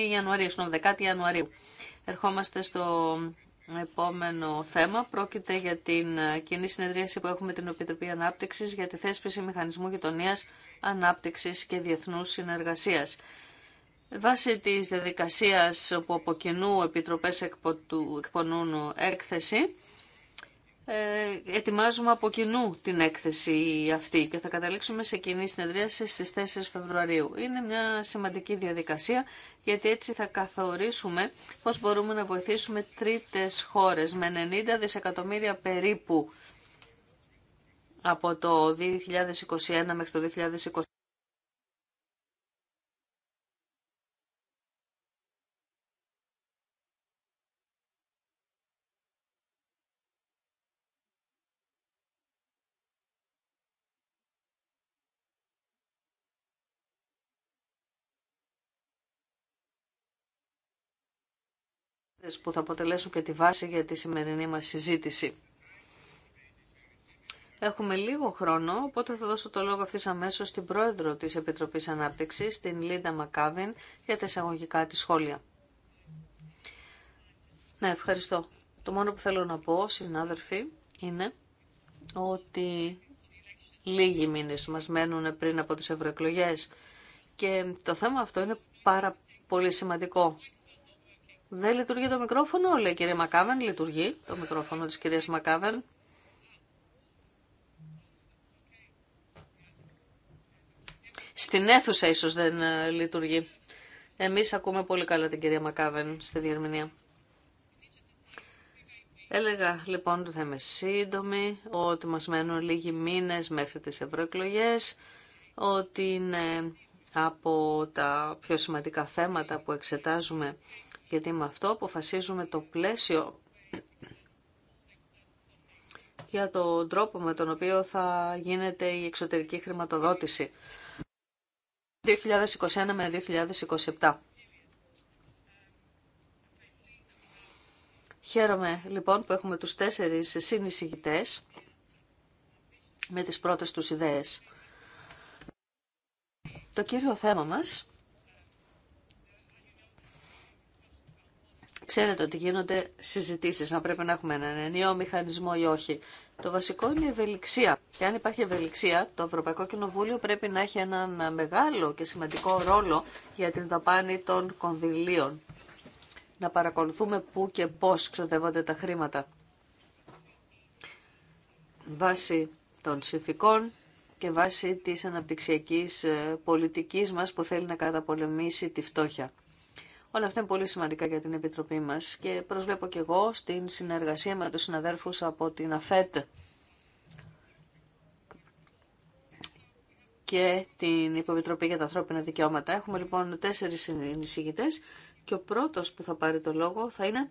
Ιανουαρίου, στον 10 Ιανουαρίου. Ερχόμαστε στο επόμενο θέμα. Πρόκειται για την κοινή συνεδρίαση που έχουμε την Επιτροπή Ανάπτυξη για τη θέσπιση μηχανισμού γειτονία, ανάπτυξη και διεθνού συνεργασία. Βάσει τη διαδικασία που από κοινού επιτροπέ εκπονούν έκθεση, ε, ετοιμάζουμε από κοινού την έκθεση αυτή και θα καταλήξουμε σε κοινή συνεδρίαση στις 4 Φεβρουαρίου. Είναι μια σημαντική διαδικασία γιατί έτσι θα καθορίσουμε πώς μπορούμε να βοηθήσουμε τρίτες χώρες με 90 δισεκατομμύρια περίπου από το 2021 μέχρι το 2022. που θα αποτελέσουν και τη βάση για τη σημερινή μας συζήτηση. Έχουμε λίγο χρόνο, οπότε θα δώσω το λόγο αυτής αμέσως στην πρόεδρο της Επιτροπής Ανάπτυξης, την Λίντα Μακάβιν, για τα εισαγωγικά της σχόλια. Ναι, ευχαριστώ. Το μόνο που θέλω να πω, συνάδελφοι, είναι ότι λίγοι μήνες μας μένουν πριν από τις ευρωεκλογέ και το θέμα αυτό είναι πάρα πολύ σημαντικό δεν λειτουργεί το μικρόφωνο, λέει η κυρία Μακάβεν. Λειτουργεί το μικρόφωνο της κυρίας Μακάβεν. Στην αίθουσα ίσως δεν ε, λειτουργεί. Εμείς ακούμε πολύ καλά την κυρία Μακάβεν στη διερμηνία. Έλεγα λοιπόν ότι θα είμαι σύντομη, ότι μας μένουν λίγοι μήνες μέχρι τις ευρωεκλογέ, ότι είναι από τα πιο σημαντικά θέματα που εξετάζουμε γιατί με αυτό αποφασίζουμε το πλαίσιο για τον τρόπο με τον οποίο θα γίνεται η εξωτερική χρηματοδότηση 2021 με 2027. Χαίρομαι λοιπόν που έχουμε τους τέσσερις συνεισηγητές με τις πρώτες τους ιδέες. Το κύριο θέμα μας Ξέρετε ότι γίνονται συζητήσεις, αν πρέπει να έχουμε έναν ενιαίο μηχανισμό ή όχι. Το βασικό είναι η ευελιξία. Και αν υπάρχει ευελιξία, το Ευρωπαϊκό Κοινοβούλιο πρέπει να έχει έναν μεγάλο και σημαντικό ρόλο για την δαπάνη των κονδυλίων. Να παρακολουθούμε πού και πώς ξοδεύονται τα χρήματα. Βάσει των συνθηκών και βάσει της αναπτυξιακής ε, πολιτικής μας που θέλει να καταπολεμήσει τη φτώχεια. Όλα αυτά είναι πολύ σημαντικά για την Επιτροπή μας και προσβλέπω και εγώ στην συνεργασία με τους συναδέρφους από την ΑΦΕΤ και την Υποβιτροπή για τα Ανθρώπινα Δικαιώματα. Έχουμε λοιπόν τέσσερις συνεισηγητές και ο πρώτος που θα πάρει το λόγο θα είναι...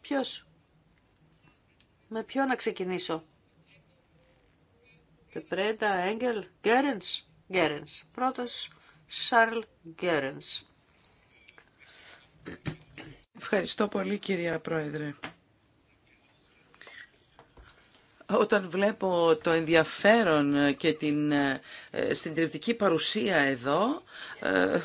Ποιος? Με ποιο να ξεκινήσω? Τεπρέντα, Έγγελ, Γκέρενς. Γκέρενς. Πρώτος Σαρλ Γκέρενς. Ευχαριστώ πολύ κυρία Πρόεδρε. Όταν βλέπω το ενδιαφέρον και την ε, συντριπτική παρουσία εδώ, ε,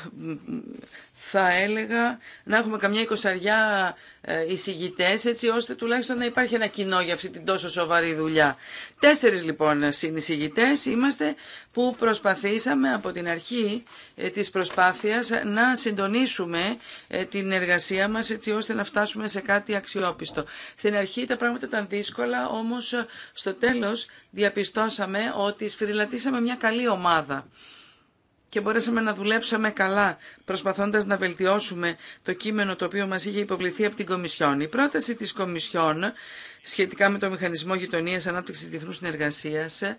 θα έλεγα να έχουμε καμιά εικοσαριά ε, εισηγητέ, έτσι ώστε τουλάχιστον να υπάρχει ένα κοινό για αυτή την τόσο σοβαρή δουλειά. Τέσσερι λοιπόν συνεισηγητέ είμαστε που προσπαθήσαμε από την αρχή της προσπάθεια να συντονίσουμε την εργασία μας έτσι ώστε να φτάσουμε σε κάτι αξιόπιστο. Στην αρχή τα πράγματα ήταν δύσκολα, όμω στο τέλος διαπιστώσαμε ότι σφυριλατήσαμε μια καλή ομάδα και μπορέσαμε να δουλέψαμε καλά, προσπαθώντας να βελτιώσουμε το κείμενο το οποίο μας είχε υποβληθεί από την Κομισιόν. Η πρόταση της Κομισιόν σχετικά με το Μηχανισμό Γειτονίας Ανάπτυξης Διεθνούς Συνεργασίας ε,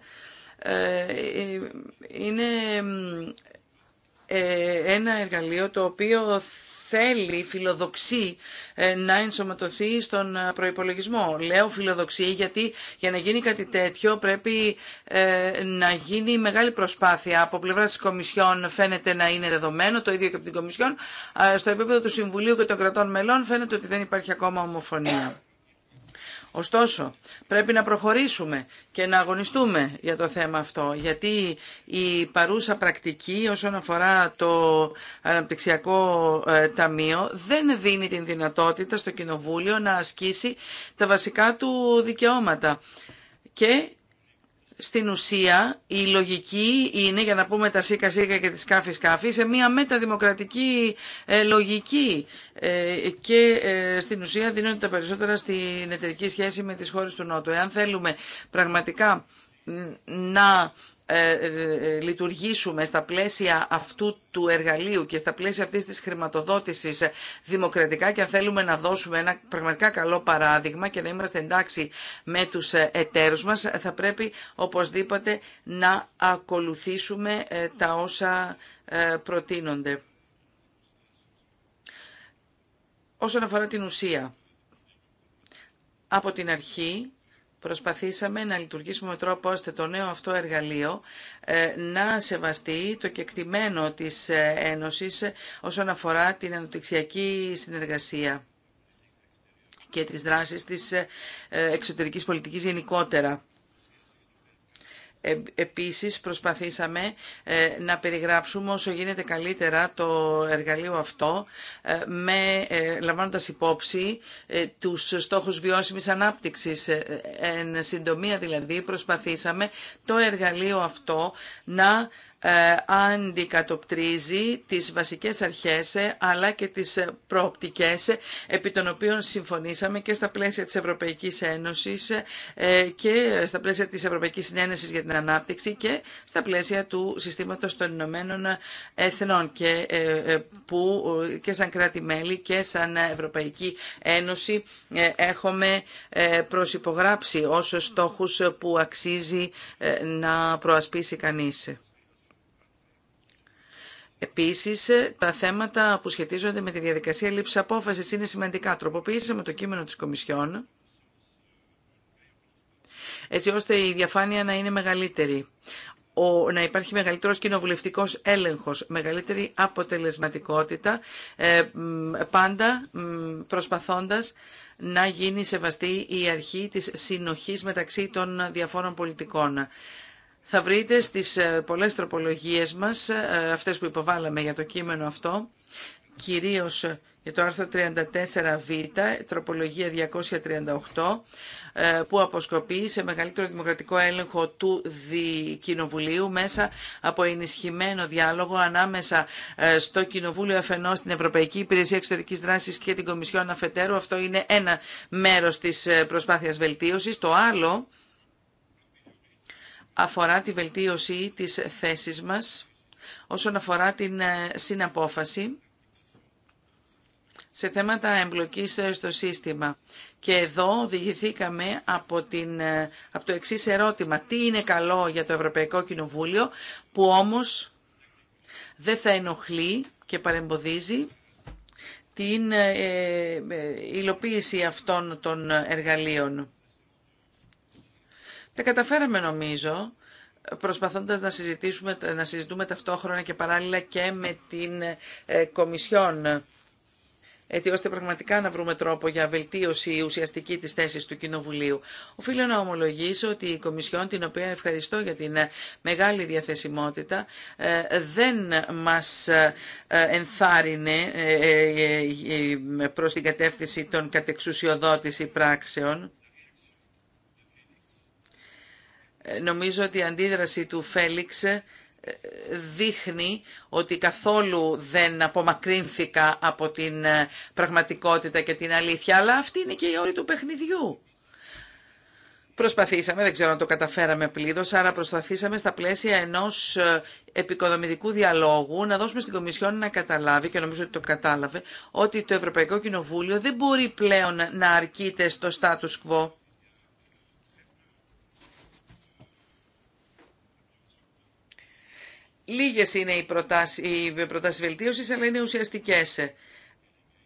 ε, ε, είναι ένα εργαλείο το οποίο θέλει, φιλοδοξεί να ενσωματωθεί στον ε, προϋπολογισμό. Λέω φιλοδοξεί γιατί για να γίνει κάτι τέτοιο πρέπει ε, να γίνει μεγάλη προσπάθεια. Από πλευρά της Κομισιόν φαίνεται να είναι δεδομένο, το ίδιο και από την Κομισιόν. Στο επίπεδο του Συμβουλίου και των κρατών μελών φαίνεται ότι δεν υπάρχει ακόμα ομοφωνία. Ωστόσο, πρέπει να προχωρήσουμε και να αγωνιστούμε για το θέμα αυτό, γιατί η παρούσα πρακτική όσον αφορά το Αναπτυξιακό ε, Ταμείο δεν δίνει την δυνατότητα στο Κοινοβούλιο να ασκήσει τα βασικά του δικαιώματα. Και στην ουσία η λογική είναι, για να πούμε τα σίκα σίκα και τις σκάφη σκάφη, σε μια μεταδημοκρατική ε, λογική ε, και ε, στην ουσία δίνονται τα περισσότερα στην εταιρική σχέση με τις χώρες του Νότου. Εάν θέλουμε πραγματικά να ε, ε, ε, λειτουργήσουμε στα πλαίσια αυτού του εργαλείου και στα πλαίσια αυτής της χρηματοδότησης δημοκρατικά και αν θέλουμε να δώσουμε ένα πραγματικά καλό παράδειγμα και να είμαστε εντάξει με τους εταίρους μας, θα πρέπει οπωσδήποτε να ακολουθήσουμε τα όσα προτείνονται. Όσον αφορά την ουσία, από την αρχή προσπαθήσαμε να λειτουργήσουμε με τρόπο ώστε το νέο αυτό εργαλείο ε, να σεβαστεί το κεκτημένο της ε, Ένωσης ε, όσον αφορά την αναπτυξιακή συνεργασία και τις δράσεις της εξωτερικής πολιτικής γενικότερα. Ε, επίσης προσπαθήσαμε ε, να περιγράψουμε όσο γίνεται καλύτερα το εργαλείο αυτό ε, με, λαμβάνοντας υπόψη τους στόχους βιώσιμης ανάπτυξης. Εν συντομία δηλαδή προσπαθήσαμε το εργαλείο αυτό να ε, αντικατοπτρίζει τις βασικές αρχές ε, αλλά και τις ε, προοπτικές επί των οποίων συμφωνήσαμε και στα πλαίσια της Ευρωπαϊκής Ένωσης και στα πλαίσια της Ευρωπαϊκής Συνένεσης για την Ανάπτυξη και στα πλαίσια του συστήματος των Ηνωμένων Εθνών και, που, και σαν κράτη-μέλη και σαν Ευρωπαϊκή Ένωση έχουμε προσυπογράψει ως στόχους που αξίζει να προασπίσει κανείς. Επίσης, τα θέματα που σχετίζονται με τη διαδικασία λήψης απόφασης είναι σημαντικά. Τροποποίησαμε το κείμενο της Κομισιόν, έτσι ώστε η διαφάνεια να είναι μεγαλύτερη. Ο, να υπάρχει μεγαλύτερος κοινοβουλευτικός έλεγχος, μεγαλύτερη αποτελεσματικότητα, ε, πάντα προσπαθώντας να γίνει σεβαστή η αρχή της συνοχής μεταξύ των διαφόρων πολιτικών θα βρείτε στις ε, πολλές τροπολογίες μας, ε, αυτές που υποβάλαμε για το κείμενο αυτό, κυρίως ε, για το άρθρο 34β, τροπολογία 238, που αποσκοπεί σε μεγαλύτερο δημοκρατικό έλεγχο του Κοινοβουλίου μέσα από ενισχυμένο διάλογο ανάμεσα στο Κοινοβούλιο αφενός, την Ευρωπαϊκή Υπηρεσία Εξωτερικής Δράσης και την Κομισιόν Αφετέρου. Αυτό είναι ένα μέρος της προσπάθειας βελτίωσης. Το άλλο αφορά τη βελτίωση της θέσης μας όσον αφορά την ε, συναπόφαση σε θέματα εμπλοκής ε, στο σύστημα. Και εδώ οδηγηθήκαμε από, την, ε, από το εξής ερώτημα. Τι είναι καλό για το Ευρωπαϊκό Κοινοβούλιο που όμως δεν θα ενοχλεί και παρεμποδίζει την υλοποίηση αυτών των εργαλείων. Τα καταφέραμε νομίζω προσπαθώντας να, συζητήσουμε, να συζητούμε ταυτόχρονα και παράλληλα και με την ε, Κομισιόν έτσι ώστε πραγματικά να βρούμε τρόπο για βελτίωση ουσιαστική της θέσης του Κοινοβουλίου. Οφείλω να ομολογήσω ότι η Κομισιόν, την οποία ευχαριστώ για την ε, μεγάλη διαθεσιμότητα, ε, δεν μας ε, ενθάρρυνε προς την κατεύθυνση των κατεξουσιοδότηση πράξεων ε, νομίζω ότι η αντίδραση του Φέλιξ ε, δείχνει ότι καθόλου δεν απομακρύνθηκα από την ε, πραγματικότητα και την αλήθεια, αλλά αυτή είναι και η όρη του παιχνιδιού. Προσπαθήσαμε, δεν ξέρω αν το καταφέραμε πλήρως, άρα προσπαθήσαμε στα πλαίσια ενός επικοδομητικού διαλόγου να δώσουμε στην Κομισιόν να καταλάβει, και νομίζω ότι το κατάλαβε, ότι το Ευρωπαϊκό Κοινοβούλιο δεν μπορεί πλέον να αρκείται στο status quo Λίγες είναι οι προτάσει βελτίωση, βελτίωσης, αλλά είναι ουσιαστικέ.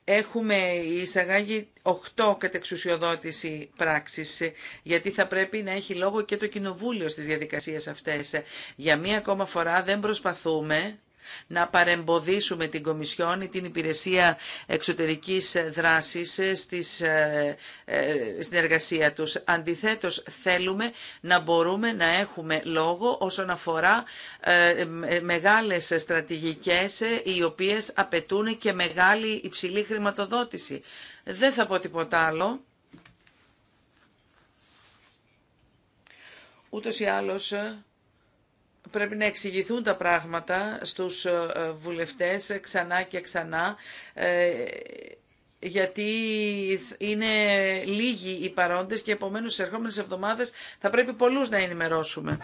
Έχουμε εισαγάγει 8 κατεξουσιοδότηση πράξης, γιατί θα πρέπει να έχει λόγο και το Κοινοβούλιο στις διαδικασίες αυτές. Για μία ακόμα φορά δεν προσπαθούμε να παρεμποδίσουμε την Κομισιόν ή την Υπηρεσία Εξωτερικής Δράσης στις, ε, ε, στην εργασία τους. Αντιθέτως, θέλουμε να μπορούμε να έχουμε λόγο όσον αφορά ε, μεγάλες στρατηγικές οι οποίες απαιτούν και μεγάλη υψηλή χρηματοδότηση. Δεν θα πω τίποτα άλλο. Ούτως ή άλλως πρέπει να εξηγηθούν τα πράγματα στους ε, βουλευτές ξανά και ξανά ε, γιατί είναι λίγοι οι παρόντες και επομένως στις ερχόμενες εβδομάδες θα πρέπει πολλούς να ενημερώσουμε.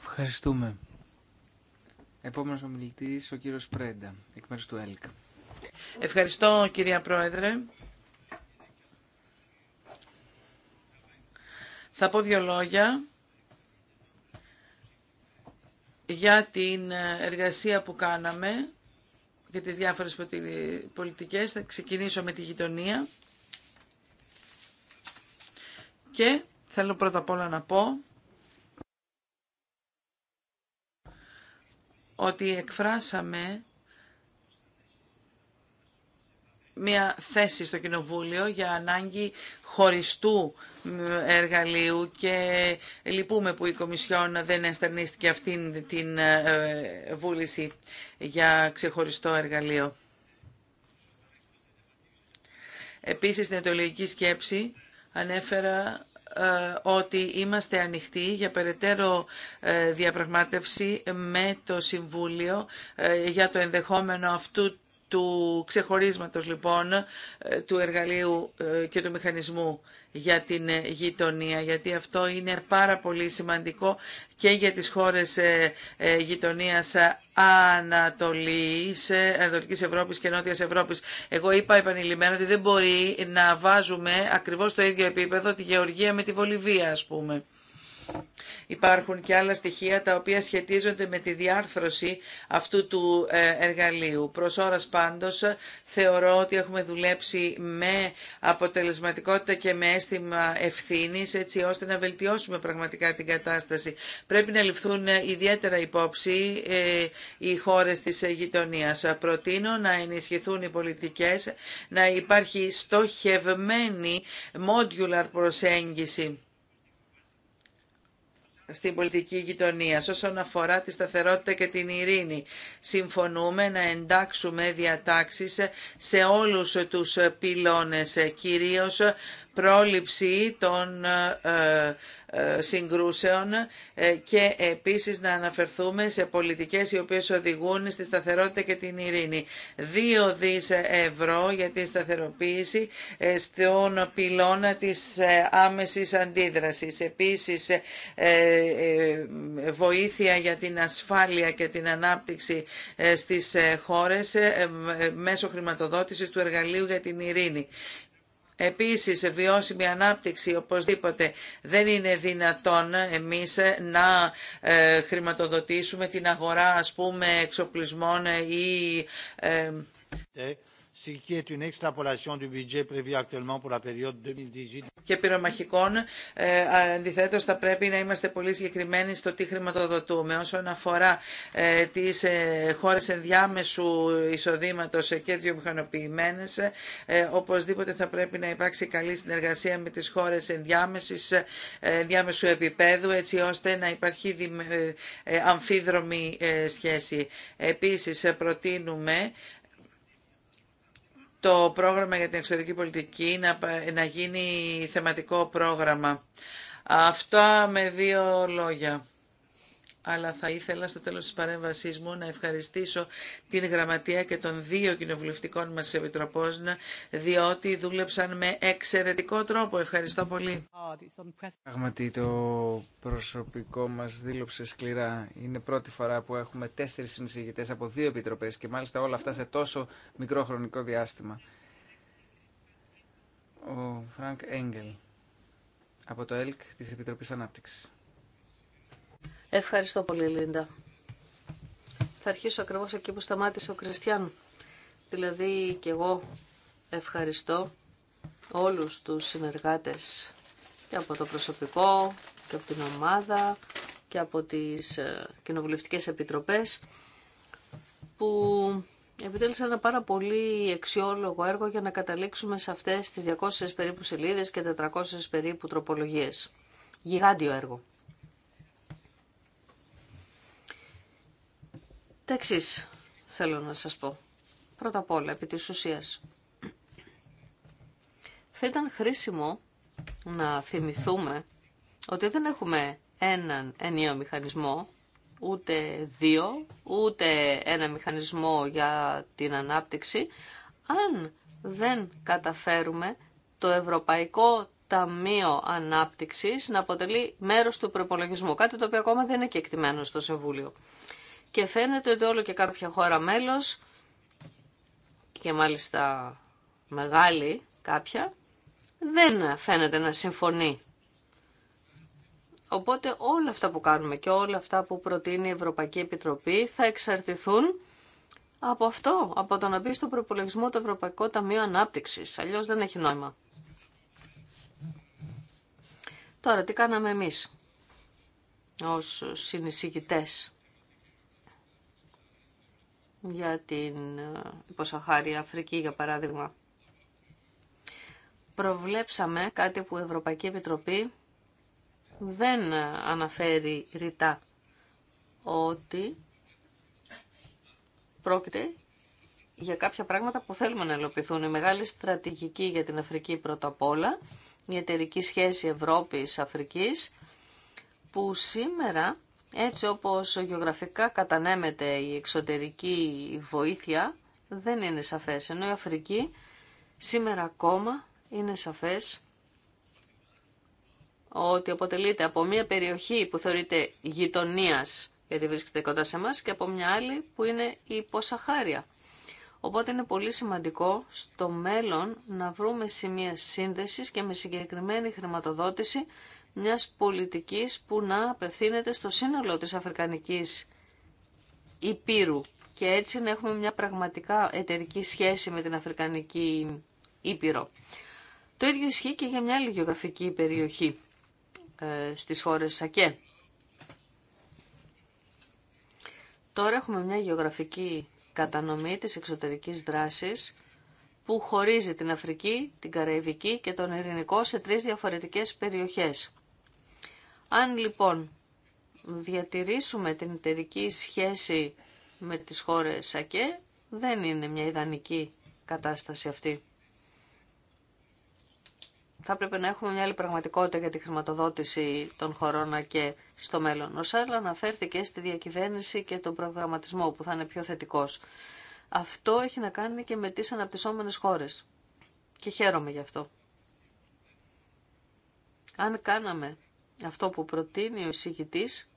Ευχαριστούμε. Επόμενος ομιλητής ο κύριος Πρέντα, εκ του ΕΛΚ. Ευχαριστώ κυρία Πρόεδρε. Θα πω δύο λόγια για την εργασία που κάναμε για τις διάφορες πολιτικές. Θα ξεκινήσω με τη γειτονία. Και θέλω πρώτα απ' όλα να πω ότι εκφράσαμε μια θέση στο Κοινοβούλιο για ανάγκη χωριστού εργαλείου και λυπούμε που η Κομισιόν δεν ενστερνίστηκε αυτήν την ε, βούληση για ξεχωριστό εργαλείο. Επίσης, στην ετολογική σκέψη ανέφερα ε, ότι είμαστε ανοιχτοί για περαιτέρω ε, διαπραγμάτευση με το Συμβούλιο για το ενδεχόμενο αυτού του ξεχωρίσματος λοιπόν ε, του εργαλείου ε, και του μηχανισμού για την ε, γειτονία, γιατί αυτό είναι πάρα πολύ σημαντικό και για τις χώρες γειτονίας Ανατολής, Ανατολικής Ευρώπης και Νότιας Ευρώπης. Εγώ είπα επανειλημμένα ότι δεν μπορεί να βάζουμε ακριβώς στο ίδιο επίπεδο τη Γεωργία με τη Βολιβία, ας πούμε. Υπάρχουν και άλλα στοιχεία τα οποία σχετίζονται με τη διάρθρωση αυτού του ε, εργαλείου. Προς ώρας πάντως θεωρώ ότι έχουμε δουλέψει με αποτελεσματικότητα και με αίσθημα ευθύνης έτσι ώστε να βελτιώσουμε πραγματικά την κατάσταση. Πρέπει να ληφθούν ε, ιδιαίτερα υπόψη ε, οι χώρες της γειτονίας. Προτείνω να ενισχυθούν οι πολιτικές, να υπάρχει στοχευμένη modular προσέγγιση στην πολιτική γειτονία. Όσον αφορά τη σταθερότητα και την ειρήνη, συμφωνούμε να εντάξουμε διατάξεις σε όλους τους πυλώνες, κυρίως πρόληψη των ε, ε, συγκρούσεων ε, και επίσης να αναφερθούμε σε πολιτικές οι οποίες οδηγούν στη σταθερότητα και την ειρήνη. Δύο δις ευρώ για τη σταθεροποίηση στον πυλώνα της άμεσης αντίδρασης. Επίσης βοήθεια για την ασφάλεια και την ανάπτυξη στις χώρες μέσω χρηματοδότησης του εργαλείου για την ειρήνη. Επίσης, βιώσιμη ανάπτυξη οπωσδήποτε δεν είναι δυνατόν εμείς να ε, χρηματοδοτήσουμε την αγορά ας πούμε εξοπλισμών ή ε, ε, και πυρομαχικών, ε, αντιθέτω, θα πρέπει να είμαστε πολύ συγκεκριμένοι στο τι χρηματοδοτούμε. Όσον αφορά ε, τι ε, χώρε ενδιάμεσου εισοδήματο και τι βιομηχανοποιημένε, ε, οπωσδήποτε θα πρέπει να υπάρξει καλή συνεργασία με τι χώρε ε, ενδιάμεσου επίπεδου, έτσι ώστε να υπάρχει δι, ε, ε, αμφίδρομη σχέση. Επίση, προτείνουμε το πρόγραμμα για την εξωτερική πολιτική να, γίνει θεματικό πρόγραμμα. Αυτά με δύο λόγια αλλά θα ήθελα στο τέλος της παρέμβασής μου να ευχαριστήσω την Γραμματεία και των δύο κοινοβουλευτικών μας επιτροπών, διότι δούλεψαν με εξαιρετικό τρόπο. Ευχαριστώ πολύ. Πραγματι το προσωπικό μας δήλωψε σκληρά. Είναι πρώτη φορά που έχουμε τέσσερις συνεισηγητές από δύο επιτροπές και μάλιστα όλα αυτά σε τόσο μικρό χρονικό διάστημα. Ο Φρανκ Έγγελ από το ΕΛΚ της Επιτροπής Ανάπτυξης. Ευχαριστώ πολύ, Λίντα. Θα αρχίσω ακριβώς εκεί που σταμάτησε ο Κριστιαν. Δηλαδή και εγώ ευχαριστώ όλους τους συνεργάτες και από το προσωπικό και από την ομάδα και από τις ε, κοινοβουλευτικές επιτροπές που επιτέλεσαν ένα πάρα πολύ αξιόλογο έργο για να καταλήξουμε σε αυτές τις 200 περίπου σελίδες και 400 περίπου τροπολογίες. Γιγάντιο έργο. Τα εξής θέλω να σας πω. Πρώτα απ' όλα, επί της ουσίας. Θα ήταν χρήσιμο να θυμηθούμε ότι δεν έχουμε έναν ενίο μηχανισμό, ούτε δύο, ούτε ένα μηχανισμό για την ανάπτυξη, αν δεν καταφέρουμε το Ευρωπαϊκό Ταμείο Ανάπτυξης να αποτελεί μέρος του προπολογισμού, κάτι το οποίο ακόμα δεν είναι κεκτημένο στο Συμβούλιο. Και φαίνεται ότι όλο και κάποια χώρα μέλος, και μάλιστα μεγάλη κάποια, δεν φαίνεται να συμφωνεί. Οπότε όλα αυτά που κάνουμε και όλα αυτά που προτείνει η Ευρωπαϊκή Επιτροπή θα εξαρτηθούν από αυτό, από το να μπει στο προπολογισμό το Ευρωπαϊκό Ταμείο Ανάπτυξης. Αλλιώς δεν έχει νόημα. Τώρα, τι κάναμε εμείς ως συνεισηγητές για την ε, υποσαχάρια Αφρική, για παράδειγμα. Προβλέψαμε κάτι που η Ευρωπαϊκή Επιτροπή δεν ε, αναφέρει ρητά ότι πρόκειται για κάποια πράγματα που θέλουμε να ελοπιθούν. Η μεγάλη στρατηγική για την Αφρική πρώτα απ' όλα, η εταιρική σχέση Ευρώπης-Αφρικής, που σήμερα έτσι όπως γεωγραφικά κατανέμεται η εξωτερική βοήθεια δεν είναι σαφές, ενώ η Αφρική σήμερα ακόμα είναι σαφές ότι αποτελείται από μια περιοχή που θεωρείται γειτονίας γιατί βρίσκεται κοντά σε εμά και από μια άλλη που είναι η ποσαχάρια. Οπότε είναι πολύ σημαντικό στο μέλλον να βρούμε σημεία σύνδεσης και με συγκεκριμένη χρηματοδότηση μιας πολιτικής που να απευθύνεται στο σύνολο της Αφρικανικής Υπήρου και έτσι να έχουμε μια πραγματικά εταιρική σχέση με την Αφρικανική Ήπειρο. Το ίδιο ισχύει και για μια άλλη γεωγραφική περιοχή ε, στις χώρες ΣΑΚΕ. Τώρα έχουμε μια γεωγραφική κατανομή της εξωτερικής δράσης που χωρίζει την Αφρική, την Καραϊβική και τον Ειρηνικό σε τρεις διαφορετικές περιοχές. Αν λοιπόν διατηρήσουμε την εταιρική σχέση με τις χώρες ΑΚΕ, δεν είναι μια ιδανική κατάσταση αυτή θα έπρεπε να έχουμε μια άλλη πραγματικότητα για τη χρηματοδότηση των χωρών και στο μέλλον. Ο Σάρλ αναφέρθηκε στη διακυβέρνηση και τον προγραμματισμό που θα είναι πιο θετικό. Αυτό έχει να κάνει και με τι αναπτυσσόμενες χώρε Και χαίρομαι γι' αυτό. Αν κάναμε αυτό που προτείνει ο εισηγητής,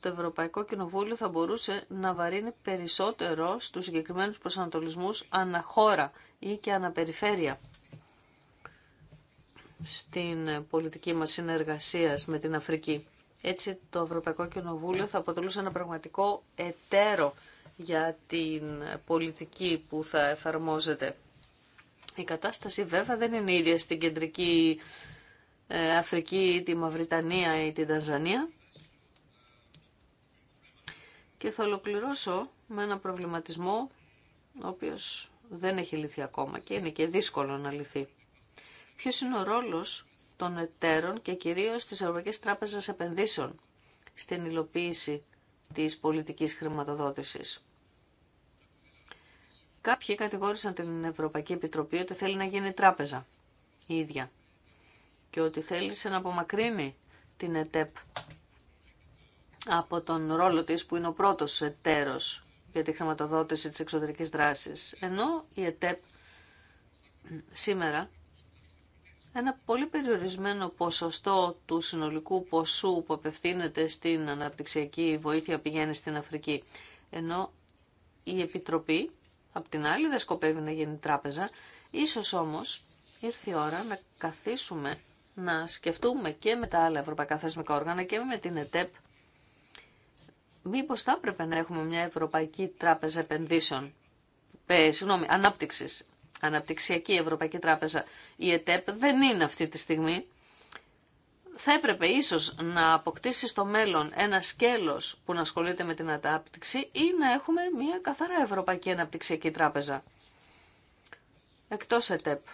το Ευρωπαϊκό Κοινοβούλιο θα μπορούσε να βαρύνει περισσότερο στους συγκεκριμένους προσανατολισμούς αναχώρα ή και αναπεριφέρεια στην πολιτική μας συνεργασία με την Αφρική. Έτσι το Ευρωπαϊκό Κοινοβούλιο θα αποτελούσε ένα πραγματικό εταίρο για την πολιτική που θα εφαρμόζεται. Η κατάσταση βέβαια δεν είναι ίδια στην κεντρική ε, Αφρική ή τη Μαυριτανία ή την Τανζανία. Και θα ολοκληρώσω με ένα προβληματισμό ο οποίος δεν έχει λυθεί ακόμα και είναι και δύσκολο να λυθεί ποιος είναι ο ρόλος των εταίρων και κυρίως της Ευρωπαϊκής Τράπεζας Επενδύσεων στην υλοποίηση της πολιτικής χρηματοδότησης. Κάποιοι κατηγόρησαν την Ευρωπαϊκή Επιτροπή ότι θέλει να γίνει τράπεζα η ίδια και ότι θέλησε να απομακρύνει την ΕΤΕΠ από τον ρόλο της που είναι ο πρώτος εταίρος για τη χρηματοδότηση της εξωτερικής δράσης. Ενώ η ΕΤΕΠ σήμερα ένα πολύ περιορισμένο ποσοστό του συνολικού ποσού που απευθύνεται στην αναπτυξιακή βοήθεια πηγαίνει στην Αφρική. Ενώ η Επιτροπή, απ' την άλλη, δεν σκοπεύει να γίνει τράπεζα. Ίσως όμως ήρθε η ώρα να καθίσουμε να σκεφτούμε και με τα άλλα ευρωπαϊκά θεσμικά όργανα και με την ΕΤΕΠ μήπως θα έπρεπε να έχουμε μια Ευρωπαϊκή Τράπεζα Επενδύσεων, ε, Ανάπτυξης, Αναπτυξιακή Ευρωπαϊκή Τράπεζα, η ΕΤΕΠ, δεν είναι αυτή τη στιγμή. Θα έπρεπε ίσως να αποκτήσει στο μέλλον ένα σκέλος που να ασχολείται με την ανάπτυξη ή να έχουμε μια καθαρά Ευρωπαϊκή Αναπτυξιακή Τράπεζα. Εκτός ΕΤΕΠ.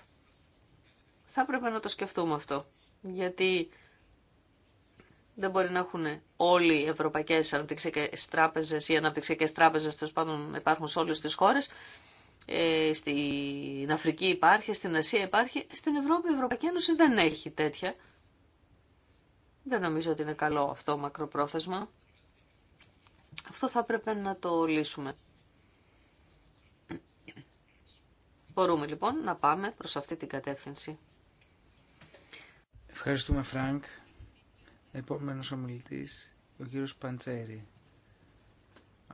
Θα έπρεπε να το σκεφτούμε αυτό. Γιατί δεν μπορεί να έχουν όλοι οι ευρωπαϊκέ Αναπτυξιακές τράπεζε ή Αναπτυξιακές τράπεζε, τέλο πάντων υπάρχουν σε όλες τις χώρες ε, στην Αφρική υπάρχει, στην Ασία υπάρχει, στην Ευρώπη η Ευρωπαϊκή Ένωση δεν έχει τέτοια. Δεν νομίζω ότι είναι καλό αυτό μακροπρόθεσμα. Αυτό θα πρέπει να το λύσουμε. Μπορούμε λοιπόν να πάμε προς αυτή την κατεύθυνση. Ευχαριστούμε Φρανκ. Επόμενος ομιλητής, ο κύριος Παντσέρη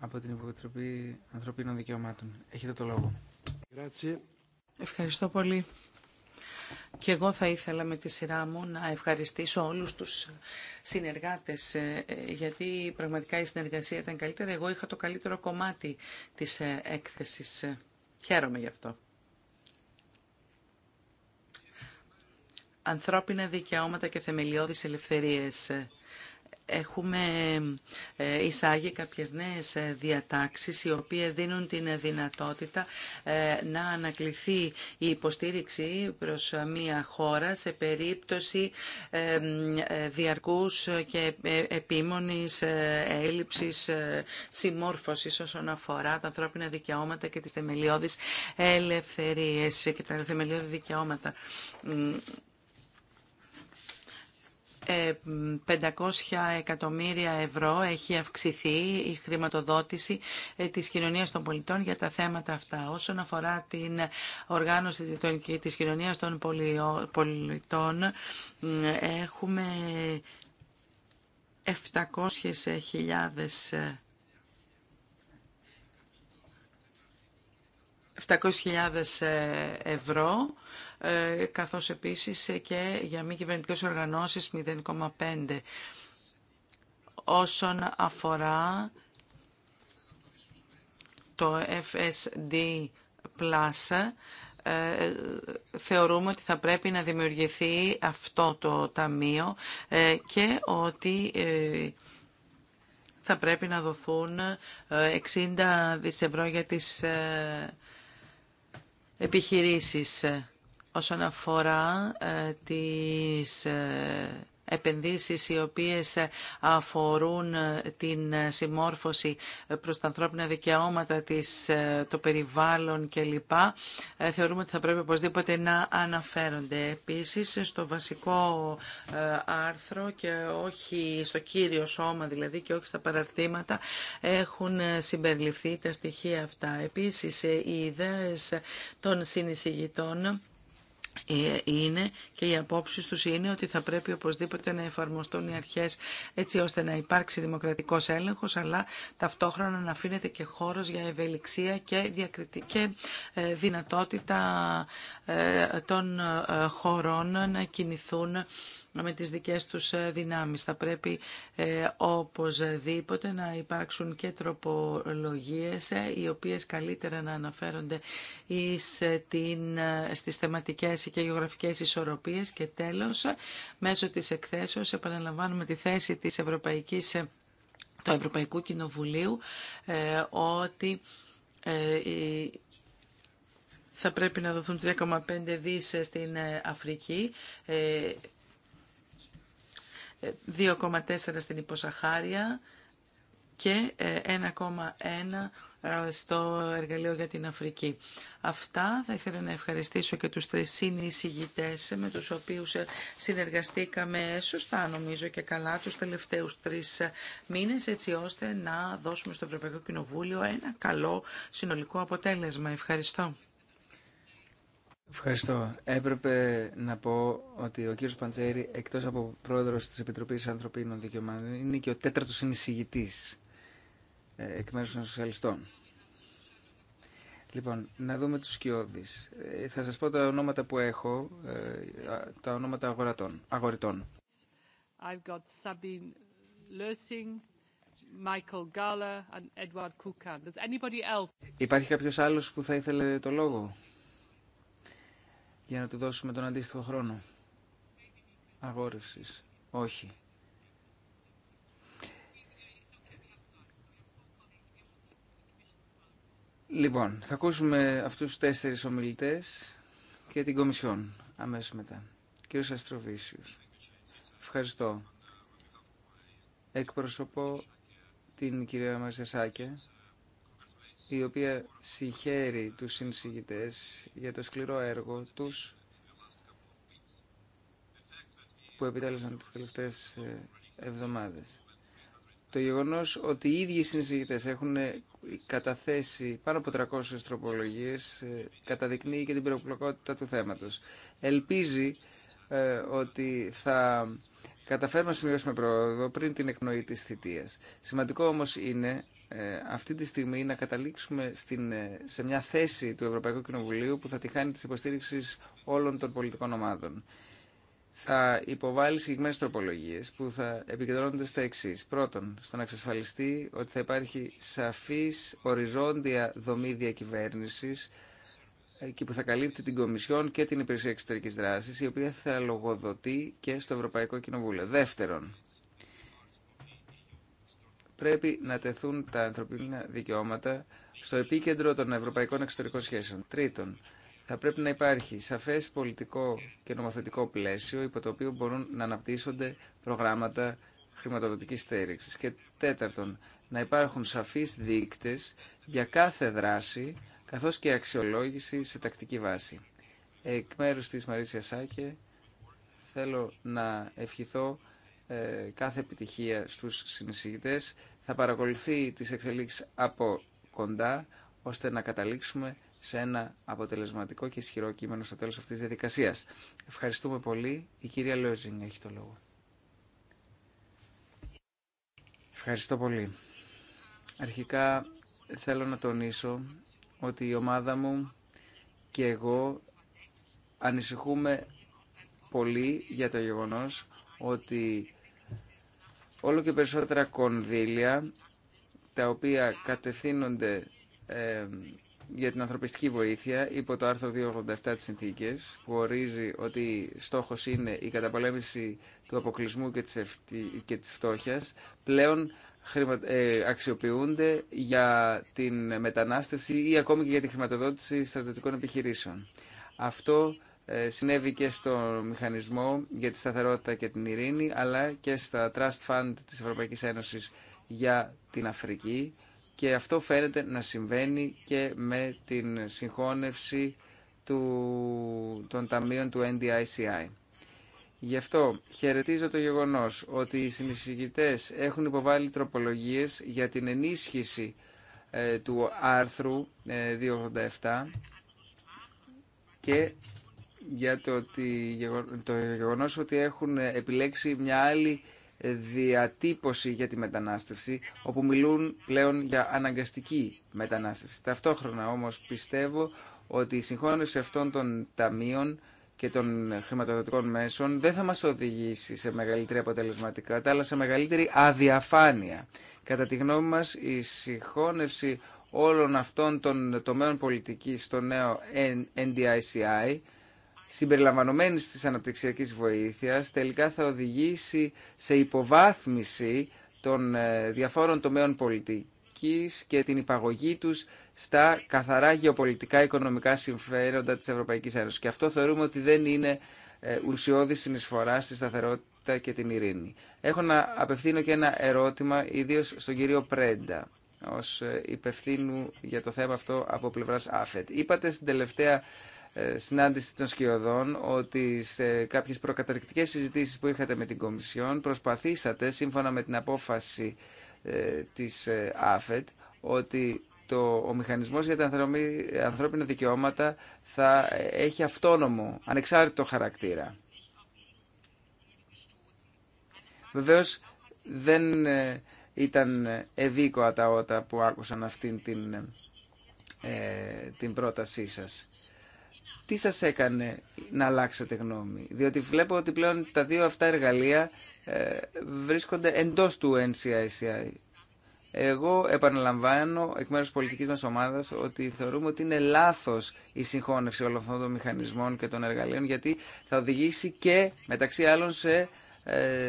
από την Υποτροπή Ανθρωπίνων Δικαιωμάτων. Έχετε το λόγο. Ευχαριστώ πολύ. Και εγώ θα ήθελα με τη σειρά μου να ευχαριστήσω όλους τους συνεργάτες, ε, ε, γιατί πραγματικά η συνεργασία ήταν καλύτερα. Εγώ είχα το καλύτερο κομμάτι της ε, έκθεσης. Χαίρομαι γι' αυτό. Ανθρώπινα δικαιώματα και θεμελιώδεις ελευθερίες έχουμε ε, εισάγει κάποιες νέες ε, διατάξεις οι οποίες δίνουν την δυνατότητα ε, να ανακληθεί η υποστήριξη προς μια χώρα σε περίπτωση διαρκούς και επίμονης έλλειψης συμμόρφωσης όσον αφορά τα ανθρώπινα δικαιώματα και τις θεμελιώδεις ελευθερίες και τα θεμελιώδη δικαιώματα. 500 εκατομμύρια ευρώ έχει αυξηθεί η χρηματοδότηση ε, της κοινωνίας των πολιτών για τα θέματα αυτά. Όσον αφορά την οργάνωση της κοινωνίας των πολιτών, ε, έχουμε 700.000 700.000 ε, ευρώ ε, καθώς επίσης και για μη κυβερνητικές οργανώσεις 0,5. Όσον αφορά το FSD+, ε, θεωρούμε ότι θα πρέπει να δημιουργηθεί αυτό το ταμείο ε, και ότι θα πρέπει να δοθούν 60 δισευρώ για τις επιχειρήσεις όσον αφορά ε, τις ε, επενδύσεις οι οποίες αφορούν ε, την συμμόρφωση προς τα ανθρώπινα δικαιώματα, της, το περιβάλλον κλπ. Θεωρούμε ότι θα πρέπει οπωσδήποτε να αναφέρονται. Επίσης στο βασικό άρθρο και όχι στο κύριο σώμα δηλαδή και όχι στα παραρτήματα έχουν συμπεριληφθεί τα στοιχεία αυτά. Επίσης οι ιδέες των συνεισηγητών ε, είναι και οι απόψει του είναι ότι θα πρέπει οπωσδήποτε να εφαρμοστούν οι αρχέ έτσι ώστε να υπάρξει δημοκρατικό έλεγχο, αλλά ταυτόχρονα να αφήνεται και χώρο για ευελιξία και, διακριτική ε, δυνατότητα ε, των χωρών να κινηθούν με τις δικές τους ε, δυνάμεις. Θα πρέπει ε, οπωσδήποτε να υπάρξουν και τροπολογίες ε, οι οποίες καλύτερα να αναφέρονται εις, ε, την, στις θεματικές και γεωγραφικές ισορροπίες και τέλος μέσω της εκθέσεως επαναλαμβάνουμε τη θέση της Ευρωπαϊκής του Ευρωπαϊκού Κοινοβουλίου ότι θα πρέπει να δοθούν 3,5 δις στην Αφρική 2,4 στην υποσαχάρια και 1,1 ε, ε, στο εργαλείο για την Αφρική. Αυτά θα ήθελα να ευχαριστήσω και τους τρεις συνεισηγητές με τους οποίους ε, συνεργαστήκαμε σωστά νομίζω και καλά τους τελευταίους τρεις μήνες έτσι ώστε να δώσουμε στο Ευρωπαϊκό Κοινοβούλιο ένα καλό συνολικό αποτέλεσμα. Ευχαριστώ. Ευχαριστώ. Έπρεπε να πω ότι ο κύριος Παντζέρη, εκτός από πρόεδρος της Επιτροπής Ανθρωπίνων Δικαιωμάτων, είναι και ο τέταρτος συνεισηγητής ε, εκ μέρους των σοσιαλιστών. Λοιπόν, να δούμε τους σκιώδεις. Ε, θα σας πω τα ονόματα που έχω, ε, τα ονόματα αγορατών, αγορητών. I've got Sabine Michael and Edward Does anybody else... Υπάρχει κάποιος άλλος που θα ήθελε το λόγο για να του δώσουμε τον αντίστοιχο χρόνο αγόρευσης. Όχι. Λοιπόν, θα ακούσουμε αυτούς τους τέσσερις ομιλητές και την Κομισιόν αμέσως μετά. Κύριος Αστροβίσιος. Ευχαριστώ. Εκπροσωπώ την κυρία Μαρσεσάκια η οποία συγχαίρει τους συνσηγητές για το σκληρό έργο τους που επιτέλεσαν τις τελευταίες ε, εβδομάδες. Το γεγονός ότι οι ίδιοι συνεισηγητές έχουν ε, καταθέσει πάνω από 300 τροπολογίες ε, καταδεικνύει και την πυροπλοκότητα του θέματος. Ελπίζει ότι θα καταφέρουμε να σημειώσουμε πρόοδο πριν την εκνοή της θητείας. Σημαντικό όμως είναι ε, αυτή τη στιγμή να καταλήξουμε στην, ε, σε μια θέση του Ευρωπαϊκού Κοινοβουλίου που θα τη χάνει τη υποστήριξη όλων των πολιτικών ομάδων. Θα υποβάλει συγκεκριμένε τροπολογίε που θα επικεντρώνονται στα εξή. Πρώτον, στο να εξασφαλιστεί ότι θα υπάρχει σαφή οριζόντια δομή διακυβέρνηση ε, και που θα καλύπτει την Κομισιόν και την Υπηρεσία Εξωτερική Δράση, η οποία θα λογοδοτεί και στο Ευρωπαϊκό Κοινοβούλιο. Δεύτερον, πρέπει να τεθούν τα ανθρωπίνα δικαιώματα στο επίκεντρο των ευρωπαϊκών εξωτερικών σχέσεων. Τρίτον, θα πρέπει να υπάρχει σαφές πολιτικό και νομοθετικό πλαίσιο υπό το οποίο μπορούν να αναπτύσσονται προγράμματα χρηματοδοτικής στήριξης. Και τέταρτον, να υπάρχουν σαφείς δείκτες για κάθε δράση καθώς και αξιολόγηση σε τακτική βάση. Εκ μέρου της Μαρίσια Σάκε θέλω να ευχηθώ ε, κάθε επιτυχία στους συνεισηγητές. Θα παρακολουθεί τις εξελίξεις από κοντά, ώστε να καταλήξουμε σε ένα αποτελεσματικό και ισχυρό κείμενο στο τέλος αυτής της διαδικασίας. Ευχαριστούμε πολύ. Η κυρία Λόζινγκ έχει το λόγο. Ευχαριστώ πολύ. Αρχικά θέλω να τονίσω ότι η ομάδα μου και εγώ ανησυχούμε πολύ για το γεγονός ότι όλο και περισσότερα κονδύλια τα οποία κατευθύνονται ε, για την ανθρωπιστική βοήθεια υπό το άρθρο 287 της συνθήκης που ορίζει ότι στόχος είναι η καταπολέμηση του αποκλεισμού και της, ευτι... και της φτώχειας πλέον ε, αξιοποιούνται για την μετανάστευση ή ακόμη και για τη χρηματοδότηση στρατιωτικών επιχειρήσεων. Αυτό ε, συνέβη και στο μηχανισμό για τη σταθερότητα και την ειρήνη αλλά και στα Trust Fund της Ευρωπαϊκής Ένωσης για την Αφρική και αυτό φαίνεται να συμβαίνει και με την συγχώνευση του, των ταμείων του NDICI. Γι' αυτό χαιρετίζω το γεγονός ότι οι συνεισηγητές έχουν υποβάλει τροπολογίες για την ενίσχυση ε, του άρθρου 287 ε, και για το, ότι, ότι έχουν επιλέξει μια άλλη διατύπωση για τη μετανάστευση, όπου μιλούν πλέον για αναγκαστική μετανάστευση. Ταυτόχρονα όμως πιστεύω ότι η συγχώνευση αυτών των ταμείων και των χρηματοδοτικών μέσων δεν θα μας οδηγήσει σε μεγαλύτερη αποτελεσματικότητα, αλλά σε μεγαλύτερη αδιαφάνεια. Κατά τη γνώμη μας, η συγχώνευση όλων αυτών των τομέων πολιτικής στο νέο NDICI συμπεριλαμβανομένη τη αναπτυξιακή βοήθεια, τελικά θα οδηγήσει σε υποβάθμιση των ε, διαφόρων τομέων πολιτική και την υπαγωγή τους στα καθαρά γεωπολιτικά οικονομικά συμφέροντα της Ευρωπαϊκής Ένωσης. Και αυτό θεωρούμε ότι δεν είναι ε, ουσιώδη συνεισφορά στη σταθερότητα και την ειρήνη. Έχω να απευθύνω και ένα ερώτημα ιδίως στον κύριο Πρέντα ως ε, υπευθύνου για το θέμα αυτό από πλευράς ΑΦΕΤ. Είπατε στην τελευταία ε, συνάντηση των σκιωδών ότι σε κάποιες προκαταρκτικές συζητήσεις που είχατε με την Κομισιόν προσπαθήσατε σύμφωνα με την απόφαση ε, της ε, ΑΦΕΤ ότι το, ο μηχανισμός για τα ανθρώπινα δικαιώματα θα έχει αυτόνομο, ανεξάρτητο χαρακτήρα. Βεβαίως δεν ήταν ευήκοα τα ότα που άκουσαν αυτήν την, την πρότασή σας τι σας έκανε να αλλάξετε γνώμη. Διότι βλέπω ότι πλέον τα δύο αυτά εργαλεία ε, βρίσκονται εντός του NCICI. Εγώ επαναλαμβάνω εκ μέρους της πολιτικής μας ομάδας ότι θεωρούμε ότι είναι λάθος η συγχώνευση όλων αυτών των μηχανισμών και των εργαλείων γιατί θα οδηγήσει και μεταξύ άλλων σε ε,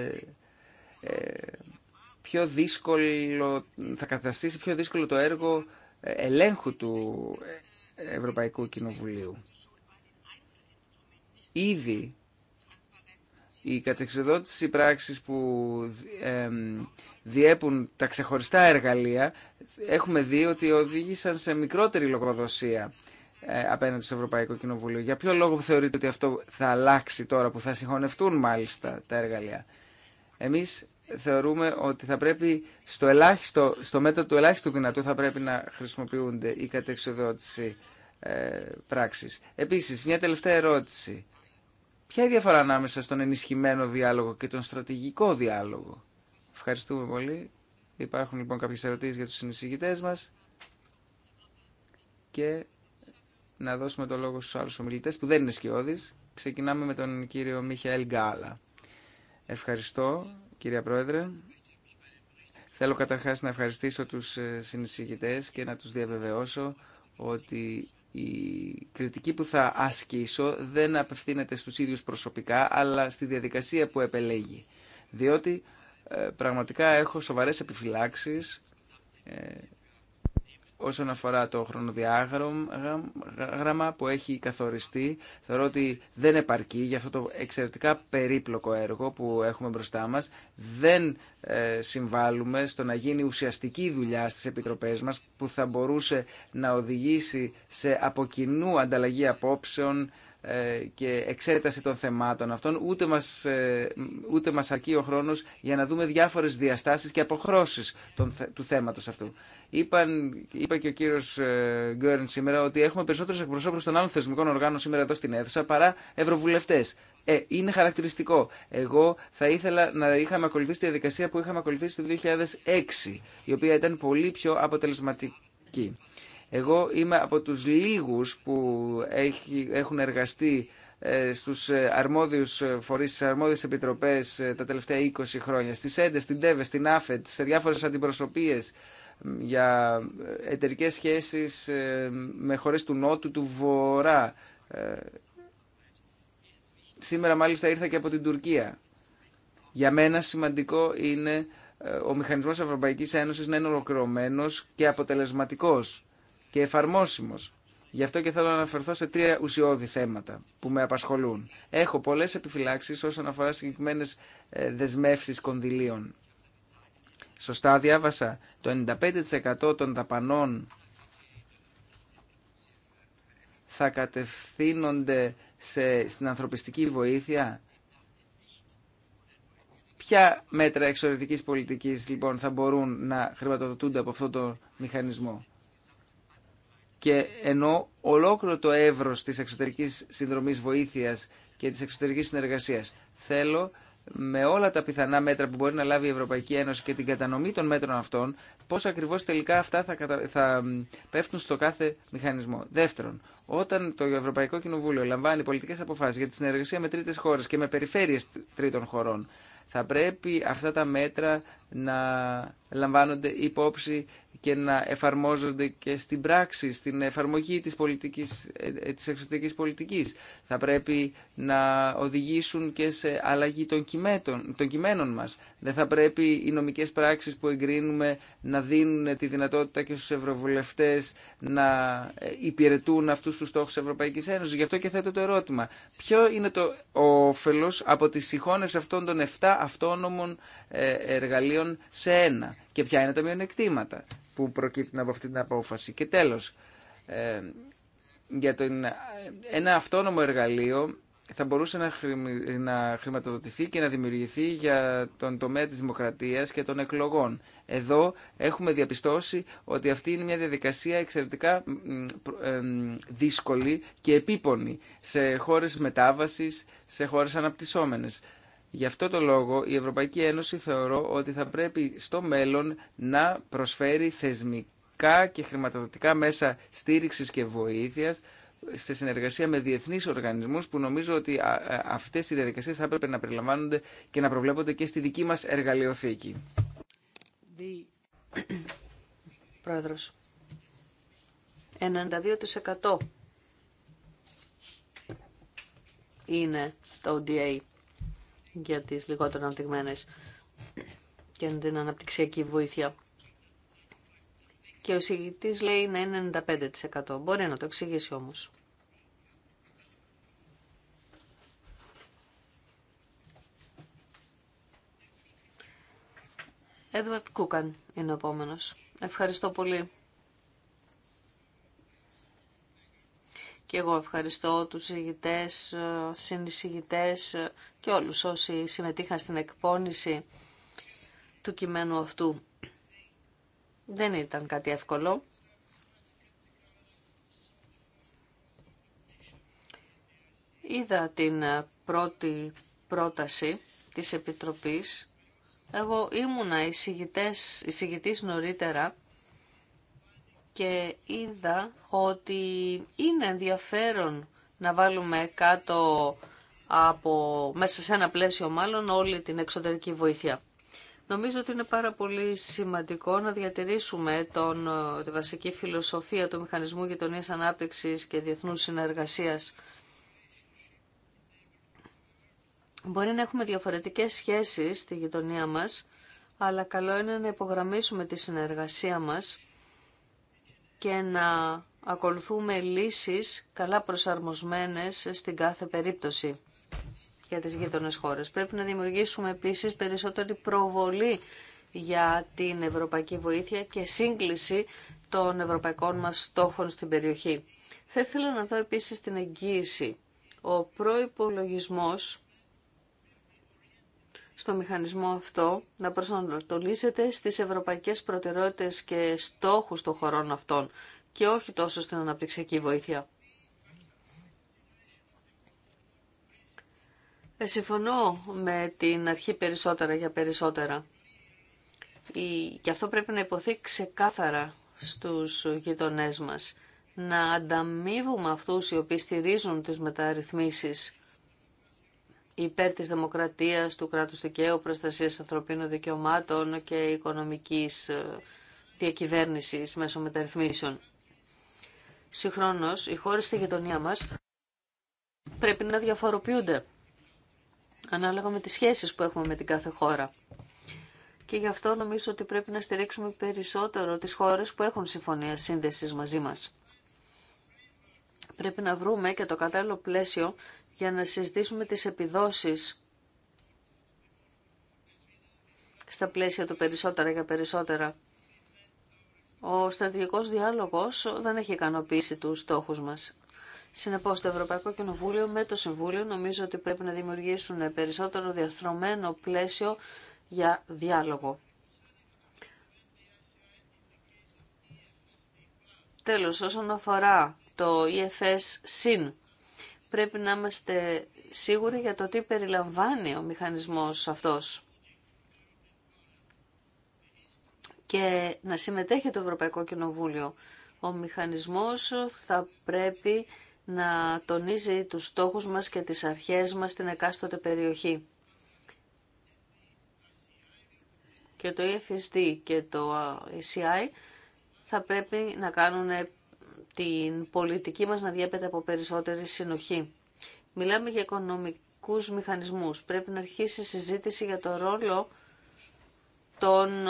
ε πιο δύσκολο, θα καταστήσει πιο δύσκολο το έργο ε, ελέγχου του Ευρωπαϊκού Κοινοβουλίου. Ήδη οι κατεξοδότηση πράξεις που διέπουν τα ξεχωριστά εργαλεία έχουμε δει ότι οδήγησαν σε μικρότερη λογοδοσία ε, απέναντι στο Ευρωπαϊκό Κοινοβούλιο. Για ποιο λόγο θεωρείτε ότι αυτό θα αλλάξει τώρα που θα συγχωνευτούν μάλιστα τα εργαλεία. Εμείς θεωρούμε ότι θα πρέπει στο, ελάχιστο, στο μέτρο του ελάχιστου δυνατού θα πρέπει να χρησιμοποιούνται οι κατεξοδότηση ε, πράξεις. Επίσης, μια τελευταία ερώτηση. Ποια είναι η διαφορά ανάμεσα στον ενισχυμένο διάλογο και τον στρατηγικό διάλογο. Ευχαριστούμε πολύ. Υπάρχουν λοιπόν κάποιες ερωτήσεις για τους συνεισηγητές μας και να δώσουμε το λόγο στους άλλους ομιλητές που δεν είναι σκιώδεις. Ξεκινάμε με τον κύριο Μιχαήλ Γκάλα. Ευχαριστώ κυρία Πρόεδρε. Θέλω καταρχάς να ευχαριστήσω τους ε, συνεισηγητές και να τους διαβεβαιώσω ότι η κριτική που θα ασκήσω δεν απευθύνεται στους ίδιους προσωπικά, αλλά στη διαδικασία που επελέγει. Διότι ε, πραγματικά έχω σοβαρές επιφυλάξεις ε, όσον αφορά το χρονοδιάγραμμα που έχει καθοριστεί, θεωρώ ότι δεν επαρκεί για αυτό το εξαιρετικά περίπλοκο έργο που έχουμε μπροστά μας. Δεν ε, συμβάλλουμε στο να γίνει ουσιαστική δουλειά στις επιτροπές μας που θα μπορούσε να οδηγήσει σε από ανταλλαγή απόψεων ε, και εξέταση των θεμάτων αυτών, ούτε μας, ε, ούτε μας αρκεί ο χρόνος για να δούμε διάφορες διαστάσεις και αποχρώσεις των, του θέματος αυτού. Είπαν, είπα και ο κύριος ε, Γκέρν σήμερα ότι έχουμε περισσότερους εκπροσώπους των άλλων θεσμικών οργάνων σήμερα εδώ στην αίθουσα παρά ευρωβουλευτές. είναι χαρακτηριστικό. Εγώ θα ήθελα να είχαμε ακολουθήσει τη διαδικασία που είχαμε ακολουθήσει το 2006, η οποία ήταν πολύ πιο αποτελεσματική. Εγώ είμαι από τους λίγους που έχει, έχουν εργαστεί ε, στους ε, αρμόδιους ε, φορείς, στις αρμόδιες επιτροπές τα τελευταία 20 χρόνια, στις ΕΝΤΕ, στην ΤΕΒΕ, στην ΑΦΕΤ, σε διάφορες αντιπροσωπείες για εταιρικές σχέσεις με χώρες του Νότου, του Βορρά. Σήμερα μάλιστα ήρθα και από την Τουρκία. Για μένα σημαντικό είναι ο μηχανισμός Ευρωπαϊκής Ένωσης να είναι ολοκληρωμένος και αποτελεσματικός και εφαρμόσιμος. Γι' αυτό και θέλω να αναφερθώ σε τρία ουσιώδη θέματα που με απασχολούν. Έχω πολλές επιφυλάξεις όσον αφορά συγκεκριμένε ε, δεσμεύσει κονδυλίων. Σωστά διάβασα, το 95% των δαπανών θα κατευθύνονται σε, στην ανθρωπιστική βοήθεια. Ποια μέτρα εξωτερικής πολιτικής λοιπόν θα μπορούν να χρηματοδοτούνται από αυτό το μηχανισμό και ενώ ολόκληρο το εύρος της εξωτερικής συνδρομής βοήθειας και της εξωτερικής συνεργασίας. Θέλω με όλα τα πιθανά μέτρα που μπορεί να λάβει η Ευρωπαϊκή Ένωση και την κατανομή των μέτρων αυτών, πώς ακριβώς τελικά αυτά θα, θα πέφτουν στο κάθε μηχανισμό. Δεύτερον, όταν το Ευρωπαϊκό Κοινοβούλιο λαμβάνει πολιτικές αποφάσεις για τη συνεργασία με τρίτες χώρες και με περιφέρειες τρίτων χωρών, θα πρέπει αυτά τα μέτρα να λαμβάνονται υπόψη και να εφαρμόζονται και στην πράξη, στην εφαρμογή της, πολιτικής, ε, ε, της εξωτερικής πολιτικής. Θα πρέπει να οδηγήσουν και σε αλλαγή των, κειμένων, των μας. Δεν θα πρέπει οι νομικές πράξεις που εγκρίνουμε να δίνουν τη δυνατότητα και στους ευρωβουλευτές να ε, υπηρετούν αυτούς τους στόχους της Ευρωπαϊκής Ένωσης. Γι' αυτό και θέτω το ερώτημα. Ποιο είναι το όφελος από τη συγχώνευση αυτών των 7 αυτόνομων εργαλείων σε ένα και ποια είναι τα μειονεκτήματα που προκύπτουν από αυτή την απόφαση. Και τέλος, ε, για τον, ένα αυτόνομο εργαλείο θα μπορούσε να, να χρηματοδοτηθεί και να δημιουργηθεί για τον τομέα της δημοκρατίας και των εκλογών. Εδώ έχουμε διαπιστώσει ότι αυτή είναι μια διαδικασία εξαιρετικά ε, δύσκολη και επίπονη σε χώρες μετάβασης, σε χώρες αναπτυσσόμενες. Γι' αυτό το λόγο η Ευρωπαϊκή Ένωση θεωρώ ότι θα πρέπει στο μέλλον να προσφέρει θεσμικά και χρηματοδοτικά μέσα στήριξης και βοήθειας σε συνεργασία με διεθνείς οργανισμούς που νομίζω ότι αυτές οι διαδικασίες θα έπρεπε να περιλαμβάνονται και να προβλέπονται και στη δική μας εργαλειοθήκη. Πρόεδρος. 92% είναι το ODA για τις λιγότερο αναπτυγμένες και την αναπτυξιακή βοήθεια. Και ο συγητής λέει να είναι 95%. Μπορεί να το εξηγήσει όμως. Edward Κούκαν είναι ο επόμενος. Ευχαριστώ πολύ. Και εγώ ευχαριστώ τους συγητές, συνεισηγητές και όλους όσοι συμμετείχαν στην εκπόνηση του κειμένου αυτού. Δεν ήταν κάτι εύκολο. Είδα την πρώτη πρόταση της Επιτροπής. Εγώ ήμουνα εισηγητής νωρίτερα και είδα ότι είναι ενδιαφέρον να βάλουμε κάτω από μέσα σε ένα πλαίσιο μάλλον όλη την εξωτερική βοήθεια. Νομίζω ότι είναι πάρα πολύ σημαντικό να διατηρήσουμε τον, τη βασική φιλοσοφία του Μηχανισμού Γειτονία ανάπτυξη και διεθνού συνεργασία. Μπορεί να έχουμε διαφορετικές σχέσεις στη γειτονία μας, αλλά καλό είναι να υπογραμμίσουμε τη συνεργασία μας και να ακολουθούμε λύσεις καλά προσαρμοσμένες στην κάθε περίπτωση για τις γείτονες χώρες. Πρέπει να δημιουργήσουμε επίσης περισσότερη προβολή για την ευρωπαϊκή βοήθεια και σύγκληση των ευρωπαϊκών μας στόχων στην περιοχή. Θα ήθελα να δω επίσης την εγγύηση. Ο προϋπολογισμός στο μηχανισμό αυτό να προσανατολίζεται στις ευρωπαϊκές προτεραιότητες και στόχους των χωρών αυτών και όχι τόσο στην αναπτυξιακή βοήθεια. Ε, συμφωνώ με την αρχή περισσότερα για περισσότερα. Και αυτό πρέπει να υποθεί ξεκάθαρα στους γειτονές μας. Να ανταμείβουμε αυτούς οι οποίοι στηρίζουν τις μεταρρυθμίσεις υπέρ της δημοκρατίας, του κράτους δικαίου, προστασίας ανθρωπίνων δικαιωμάτων και οικονομικής ε, διακυβέρνησης μέσω μεταρρυθμίσεων. Συγχρόνως, οι χώρες στη γειτονία μας πρέπει να διαφοροποιούνται ανάλογα με τις σχέσεις που έχουμε με την κάθε χώρα. Και γι' αυτό νομίζω ότι πρέπει να στηρίξουμε περισσότερο τις χώρες που έχουν συμφωνία σύνδεσης μαζί μας. Πρέπει να βρούμε και το κατάλληλο πλαίσιο για να συζητήσουμε τις επιδόσεις στα πλαίσια του περισσότερα για περισσότερα. Ο στρατηγικός διάλογος δεν έχει ικανοποιήσει τους στόχους μας. Συνεπώς, το Ευρωπαϊκό Κοινοβούλιο με το Συμβούλιο νομίζω ότι πρέπει να δημιουργήσουν περισσότερο διαρθρωμένο πλαίσιο για διάλογο. Τέλος, όσον αφορά το EFS-SYN, πρέπει να είμαστε σίγουροι για το τι περιλαμβάνει ο μηχανισμός αυτός. Και να συμμετέχει το Ευρωπαϊκό Κοινοβούλιο. Ο μηχανισμός θα πρέπει να τονίζει τους στόχους μας και τις αρχές μας στην εκάστοτε περιοχή. Και το EFSD και το ECI ε, θα πρέπει να κάνουν την πολιτική μας να διέπεται από περισσότερη συνοχή. Μιλάμε για οικονομικούς μηχανισμούς. Πρέπει να αρχίσει η συζήτηση για το ρόλο των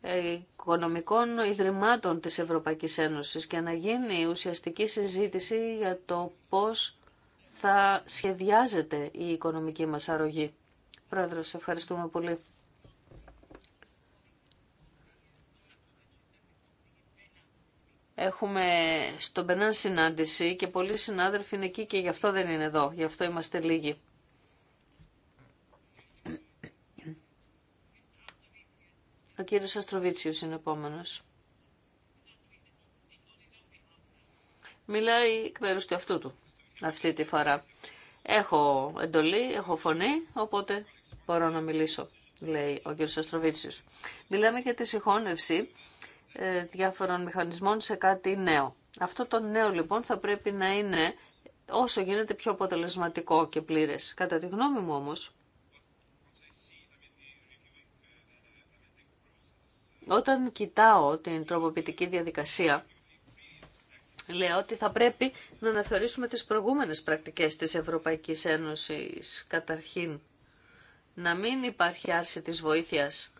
ε, ε, οικονομικών ιδρυμάτων της Ευρωπαϊκής Ένωσης και να γίνει ουσιαστική συζήτηση για το πώς θα σχεδιάζεται η οικονομική μας αρρωγή. Πρόεδρος, ευχαριστούμε πολύ. Έχουμε στον Πενάν συνάντηση και πολλοί συνάδελφοι είναι εκεί και γι' αυτό δεν είναι εδώ. Γι' αυτό είμαστε λίγοι. Ο κύριος Αστροβίτσιος είναι επόμενος. Μιλάει εκ μέρους του αυτού του αυτή τη φορά. Έχω εντολή, έχω φωνή, οπότε μπορώ να μιλήσω, λέει ο κύριος Αστροβίτσιος. Μιλάμε για τη συγχώνευση ε, διάφορων μηχανισμών σε κάτι νέο. Αυτό το νέο λοιπόν θα πρέπει να είναι όσο γίνεται πιο αποτελεσματικό και πλήρες. Κατά τη γνώμη μου όμως, όταν κοιτάω την τροποποιητική διαδικασία, λέω ότι θα πρέπει να αναθεωρήσουμε τις προηγούμενες πρακτικές της Ευρωπαϊκής Ένωσης καταρχήν. Να μην υπάρχει άρση της βοήθειας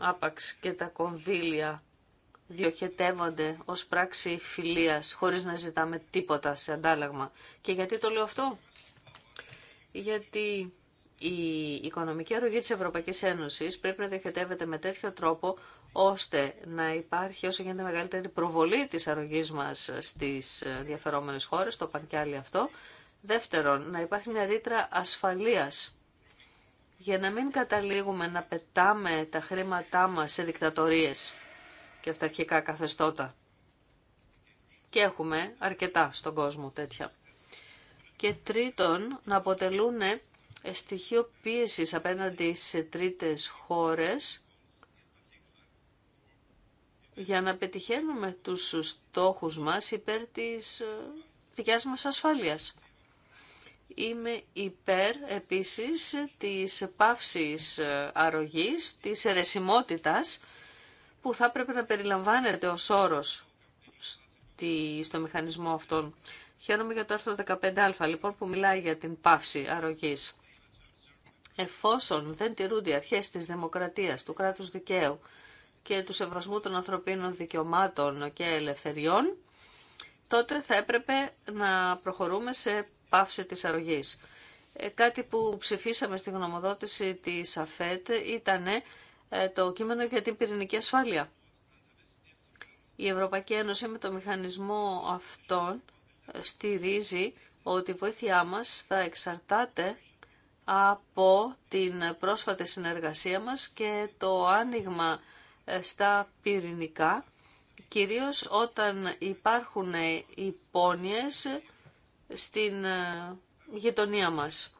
άπαξ και τα κονδύλια διοχετεύονται ως πράξη φιλίας χωρίς να ζητάμε τίποτα σε αντάλλαγμα. Και γιατί το λέω αυτό? Γιατί η οικονομική αρρωγή της Ευρωπαϊκής Ένωσης πρέπει να διοχετεύεται με τέτοιο τρόπο ώστε να υπάρχει όσο γίνεται μεγαλύτερη προβολή της αρρωγής μας στις ε, διαφερόμενες χώρες, το παν αυτό. Δεύτερον, να υπάρχει μια ρήτρα ασφαλείας για να μην καταλήγουμε να πετάμε τα χρήματά μας σε δικτατορίες και αυταρχικά καθεστώτα. Και έχουμε αρκετά στον κόσμο τέτοια. Και τρίτον, να αποτελούν στοιχείο πίεσης απέναντι σε τρίτες χώρες για να πετυχαίνουμε τους στόχους μας υπέρ της ε, δικιάς μας ασφάλειας. Είμαι υπέρ επίσης της παύσης ε, αρρωγής, της αιρεσιμότητας που θα πρέπει να περιλαμβάνεται ως όρος στο μηχανισμό αυτόν. Χαίρομαι για το άρθρο 15α λοιπόν που μιλάει για την παύση αρρωγής. Εφόσον δεν τηρούνται οι αρχές της δημοκρατίας, του κράτους δικαίου και του σεβασμού των ανθρωπίνων δικαιωμάτων και ελευθεριών, τότε θα έπρεπε να προχωρούμε σε πάυση της αρρωγής. Ε, κάτι που ψηφίσαμε στη γνωμοδότηση της ΑΦΕΤ ήταν ε, το κείμενο για την πυρηνική ασφάλεια. Η Ευρωπαϊκή Ένωση με το μηχανισμό αυτόν ε, στηρίζει ότι η βοήθειά μας θα εξαρτάται από την πρόσφατη συνεργασία μας και το άνοιγμα στα πυρηνικά, κυρίως όταν υπάρχουν υπόνοιες στην ε, γειτονία μας.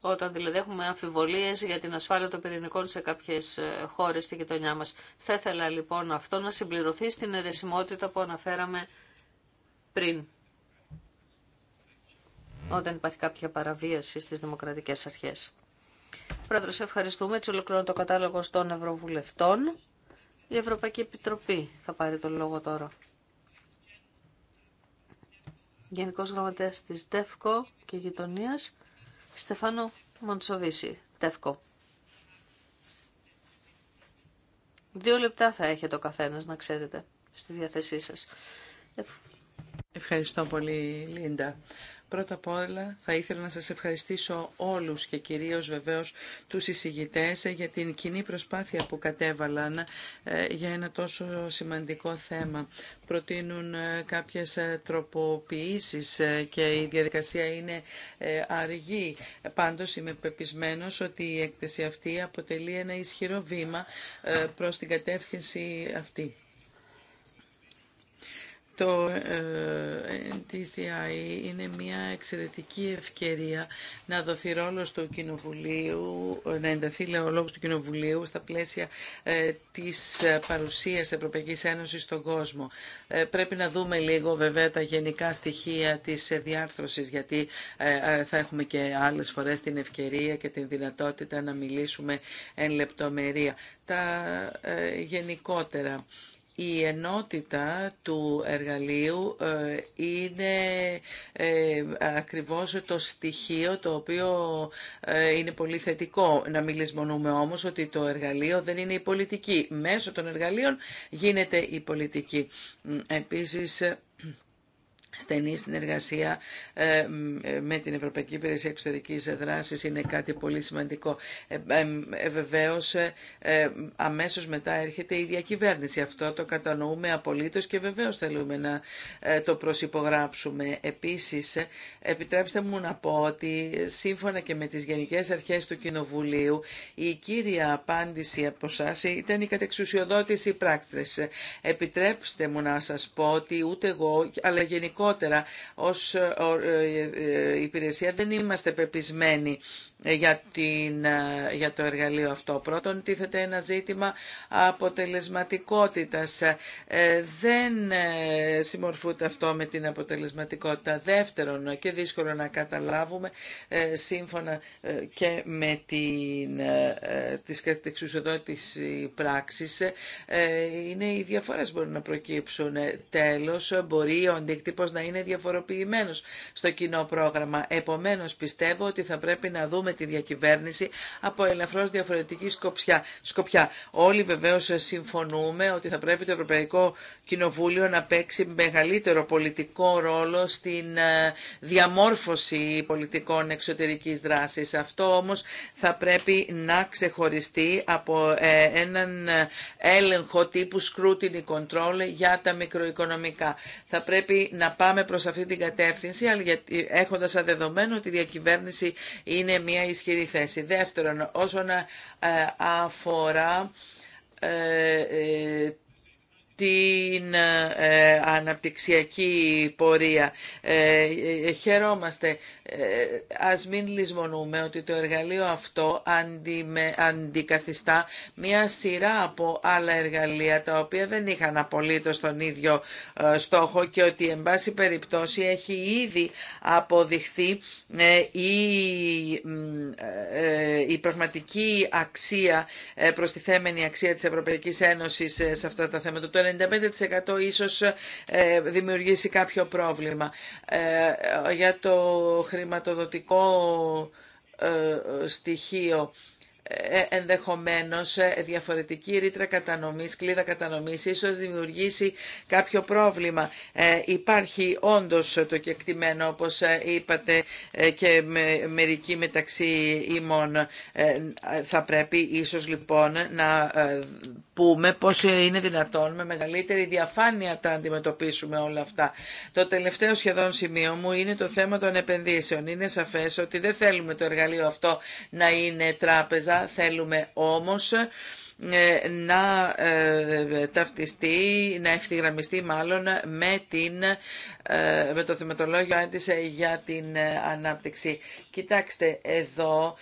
Όταν δηλαδή έχουμε αμφιβολίες για την ασφάλεια των πυρηνικών σε κάποιες ε, χώρες στη γειτονιά μας. Θα ήθελα λοιπόν αυτό να συμπληρωθεί στην αιρεσιμότητα που αναφέραμε πριν. Όταν υπάρχει κάποια παραβίαση στις δημοκρατικές αρχές. Πρόεδρος, ευχαριστούμε. Έτσι ολοκληρώνω το κατάλογο των Ευρωβουλευτών. Η Ευρωπαϊκή Επιτροπή θα πάρει τον λόγο τώρα. Γενικός Γραμματέας τη ΤΕΦΚΟ και Γειτονίας, Στεφάνο Μοντσοβίση, ΤΕΦΚΟ. Δύο λεπτά θα έχετε ο καθένας, να ξέρετε, στη διάθεσή σας. Ευχαριστώ πολύ, Λίντα. Πρώτα απ' όλα θα ήθελα να σας ευχαριστήσω όλους και κυρίως βεβαίως τους εισηγητές για την κοινή προσπάθεια που κατέβαλαν ε, για ένα τόσο σημαντικό θέμα. Προτείνουν ε, κάποιες ε, τροποποιήσεις και η διαδικασία είναι αργή. Πάντως είμαι πεπισμένος ότι η έκθεση αυτή αποτελεί ένα ισχυρό βήμα προς την κατεύθυνση αυτή. Το DCI ε, ε, είναι μια εξαιρετική ευκαιρία να δοθεί του Κοινοβουλίου, να ενταθεί ο λόγος του Κοινοβουλίου στα πλαίσια ε, της παρουσίας Ευρωπαϊκής Ένωσης στον κόσμο. Πρέπει να δούμε λίγο βέβαια τα γενικά στοιχεία της διάρθρωσης, γιατί θα έχουμε και άλλες φορές την ευκαιρία και την δυνατότητα να μιλήσουμε εν λεπτομερία. Τα γενικότερα η ενότητα του εργαλείου ε, είναι ε, ακριβώς το στοιχείο το οποίο ε, είναι πολύ θετικό. Να μην λησμονούμε όμως ότι το εργαλείο δεν είναι η πολιτική. Μέσω των εργαλείων γίνεται η πολιτική. Επίσης, στενή συνεργασία ε, με την Ευρωπαϊκή Υπηρεσία Εξωτερική δράση είναι κάτι πολύ σημαντικό. Ε, ε, ε, αμέσως μετά έρχεται η διακυβέρνηση. Αυτό το κατανοούμε απολύτω και βεβαίω θέλουμε να το προσυπογράψουμε. Επίσης, επιτρέψτε μου να πω ότι σύμφωνα και με τις Γενικές Αρχές του Κοινοβουλίου, η κύρια απάντηση από εσά ήταν η κατεξουσιοδότηση πράξη. Επιτρέψτε μου να σας πω ότι ούτε εγώ, αλλά γενικότερα ως ε, ε, ε, υπηρεσία δεν είμαστε πεπισμένοι ε, για, την, ε, το εργαλείο αυτό. Πρώτον, τίθεται ένα ζήτημα αποτελεσματικότητας. Ε, δεν συμμορφούνται αυτό με την αποτελεσματικότητα. Δεύτερον, και δύσκολο να καταλάβουμε, σύμφωνα και με την, τις εξουσιοδότηση πράξης, είναι οι διαφορές μπορούν να προκύψουν. Τέλος, μπορεί ο αντίκτυπος να είναι διαφοροποιημένος στο κοινό πρόγραμμα. Επομένως, πιστεύω ότι θα πρέπει να δούμε με τη διακυβέρνηση από ελαφρώς διαφορετική σκοπιά. σκοπιά. Όλοι βεβαίως συμφωνούμε ότι θα πρέπει το Ευρωπαϊκό Κοινοβούλιο να παίξει μεγαλύτερο πολιτικό ρόλο στην ε, διαμόρφωση πολιτικών εξωτερικής δράσης. Αυτό όμως θα πρέπει να ξεχωριστεί από ε, έναν έλεγχο τύπου scrutiny control για τα μικροοικονομικά. Θα πρέπει να πάμε προς αυτή την κατεύθυνση, αλλά έχοντας αδεδομένο ότι η διακυβέρνηση είναι μια μια ισχυρή θέση. Δεύτερον, όσον ε, αφορά ε, ε, την ε, ε, αναπτυξιακή πορεία. Ε, ε χαιρόμαστε. Ας μην λησμονούμε ότι το εργαλείο αυτό αντικαθιστά μια σειρά από άλλα εργαλεία τα οποία δεν είχαν απολύτως τον ίδιο στόχο και ότι εν πάση περιπτώσει έχει ήδη αποδειχθεί η, η πραγματική αξία, προστιθέμενη αξία της Ευρωπαϊκής Ένωσης σε αυτά τα θέματα. Το 95% ίσως ε, δημιουργήσει κάποιο πρόβλημα. Ε, για το χρηματοδοτικό ε, στοιχείο ε, ε, ενδεχομένως ε, διαφορετική ρήτρα κατανομής, κλίδα κατανομής, ίσως δημιουργήσει κάποιο πρόβλημα. Υπάρχει όντως το κεκτημένο, όπως είπατε και με, μερικοί μεταξύ ημών. Θα πρέπει ίσως λοιπόν να πούμε πώ είναι δυνατόν με μεγαλύτερη διαφάνεια τα αντιμετωπίσουμε όλα αυτά. Το τελευταίο σχεδόν σημείο μου είναι το θέμα των επενδύσεων. Είναι σαφές ότι δεν θέλουμε το εργαλείο αυτό να είναι τράπεζα, Θέλουμε όμως ε, να ε, ταυτιστεί, να ευθυγραμμιστεί μάλλον με, την, ε, με το θεματολόγιο για την ανάπτυξη. Κοιτάξτε, εδώ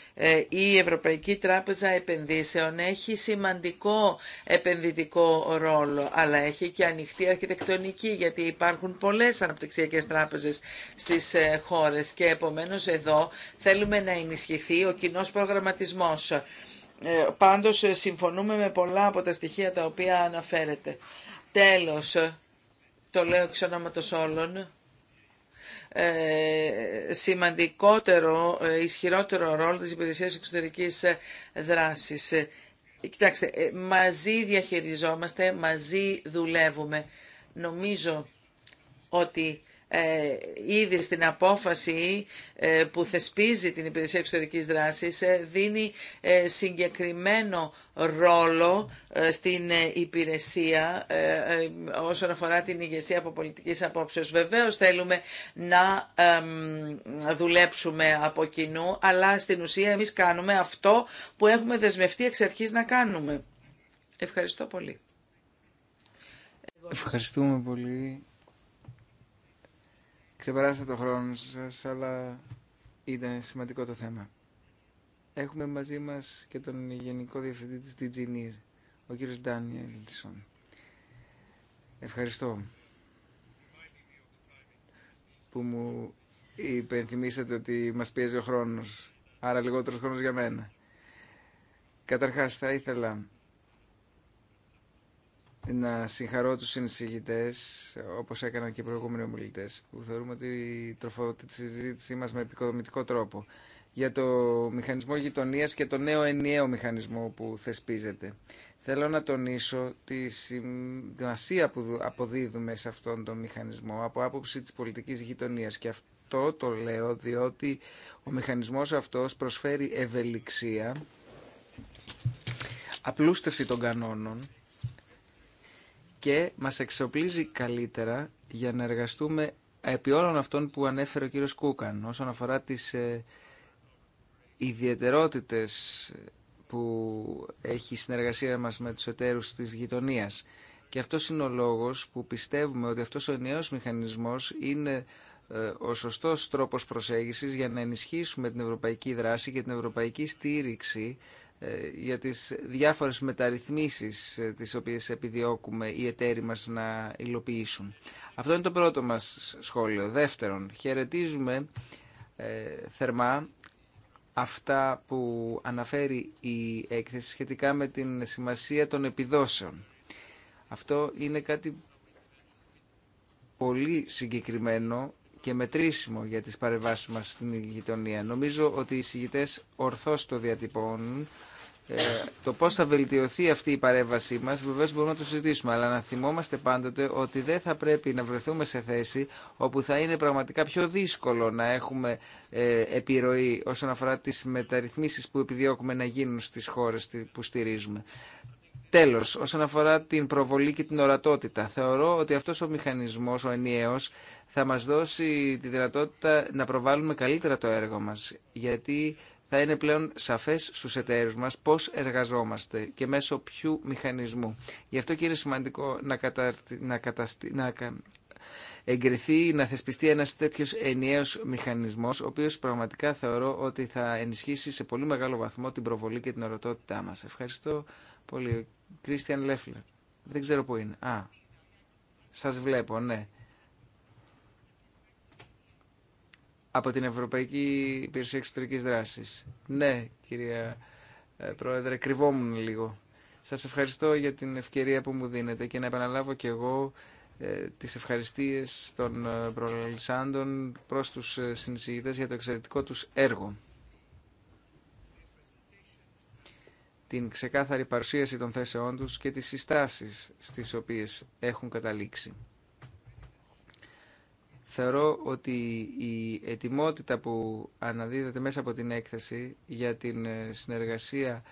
η Ευρωπαϊκή Τράπεζα Επενδύσεων έχει σημαντικό επενδυτικό ρόλο, αλλά έχει και ανοιχτή αρχιτεκτονική, γιατί υπάρχουν πολλές αναπτυξιακές τράπεζες στις χώρες και επομένως εδώ θέλουμε να ενισχυθεί ο κοινός προγραμματισμός ε, πάντως ε, συμφωνούμε με πολλά από τα στοιχεία τα οποία αναφέρετε. Τέλος, ε, το λέω εξ ονόματος όλων, σημαντικότερο, ισχυρότερο ρόλο της υπηρεσίας εξωτερικής δράσης. Κοιτάξτε, μαζί διαχειριζόμαστε, μαζί δουλεύουμε. Νομίζω ότι ε, ήδη στην απόφαση ε, που θεσπίζει την Υπηρεσία Εξωτερικής Δράσης ε, δίνει συγκεκριμένο ρόλο στην υπηρεσία όσον αφορά την ηγεσία από πολιτικής απόψεως. Βεβαίως θέλουμε να δουλέψουμε από κοινού, αλλά στην ουσία εμείς κάνουμε αυτό που έχουμε δεσμευτεί εξ αρχής να κάνουμε. Ευχαριστώ πολύ. Ευχαριστούμε πολύ. Ξεπεράσατε το χρόνο σας, αλλά ήταν σημαντικό το θέμα. Έχουμε μαζί μας και τον Γενικό Διευθυντή της DGNIR, ο κύριος Ντάνιελσον. Ευχαριστώ που μου υπενθυμίσατε ότι μας πιέζει ο χρόνος, άρα λιγότερος χρόνος για μένα. Καταρχάς θα ήθελα να συγχαρώ τους συνεισηγητές, όπως έκαναν και οι προηγούμενοι ομιλητές, που θεωρούμε ότι τροφοδοτεί τη συζήτησή μας με επικοδομητικό τρόπο για το μηχανισμό γειτονία και το νέο ενιαίο μηχανισμό που θεσπίζεται. Θέλω να τονίσω τη σημασία που αποδίδουμε σε αυτόν τον μηχανισμό από άποψη της πολιτικής γειτονίας και αυτό το λέω διότι ο μηχανισμός αυτός προσφέρει ευελιξία, απλούστευση των κανόνων και μας εξοπλίζει καλύτερα για να εργαστούμε επί όλων αυτών που ανέφερε ο κύριος Κούκαν όσον αφορά τις ε, ιδιαιτερότητες που έχει η συνεργασία μας με τους εταίρους της γειτονίας. Και αυτός είναι ο λόγος που πιστεύουμε ότι αυτός ο νέος μηχανισμός είναι ε, ο σωστός τρόπος προσέγγισης για να ενισχύσουμε την ευρωπαϊκή δράση και την ευρωπαϊκή στήριξη ε, για τις διάφορες μεταρρυθμίσεις ε, τις οποίες επιδιώκουμε οι εταίροι μας να υλοποιήσουν. Αυτό είναι το πρώτο μας σχόλιο. Δεύτερον, χαιρετίζουμε ε, θερμά αυτά που αναφέρει η έκθεση σχετικά με την σημασία των επιδόσεων. Αυτό είναι κάτι πολύ συγκεκριμένο και μετρήσιμο για τις παρεμβάσεις μας στην γειτονία. Νομίζω ότι οι συγητές ορθώς το διατυπώνουν. Ε, το πώς θα βελτιωθεί αυτή η παρέμβασή μας βεβαίως μπορούμε να το συζητήσουμε αλλά να θυμόμαστε πάντοτε ότι δεν θα πρέπει να βρεθούμε σε θέση όπου θα είναι πραγματικά πιο δύσκολο να έχουμε ε, επιρροή όσον αφορά τις μεταρρυθμίσεις που επιδιώκουμε να γίνουν στις χώρες που στηρίζουμε. Τέλο, όσον αφορά την προβολή και την ορατότητα, θεωρώ ότι αυτό ο μηχανισμό, ο ενιαίο, θα μα δώσει τη δυνατότητα να προβάλλουμε καλύτερα το έργο μα, γιατί θα είναι πλέον σαφέ στου εταίρου μα πώ εργαζόμαστε και μέσω ποιου μηχανισμού. Γι' αυτό και είναι σημαντικό να, κατα... να, να εγκριθεί, να θεσπιστεί ένας τέτοιος ενιαίος μηχανισμός, ο οποίος πραγματικά θεωρώ ότι θα ενισχύσει σε πολύ μεγάλο βαθμό την προβολή και την ορατότητά μας. Ευχαριστώ πολύ. Κρίστιαν Λέφλερ. Δεν ξέρω πού είναι. Α, σας βλέπω, ναι. Από την Ευρωπαϊκή Υπηρεσία Εξωτερική δράση. Ναι, κυρία ε, Πρόεδρε, κρυβόμουν λίγο. Σας ευχαριστώ για την ευκαιρία που μου δίνετε και να επαναλάβω και εγώ ε, τις ευχαριστίες των ε, προλαλισσάντων προς τους συνεισηγητές για το εξαιρετικό τους έργο. την ξεκάθαρη παρουσίαση των θέσεών τους και τις συστάσεις στις οποίες έχουν καταλήξει. Θεωρώ ότι η ετοιμότητα που αναδίδεται μέσα από την έκθεση για την ε, συνεργασία,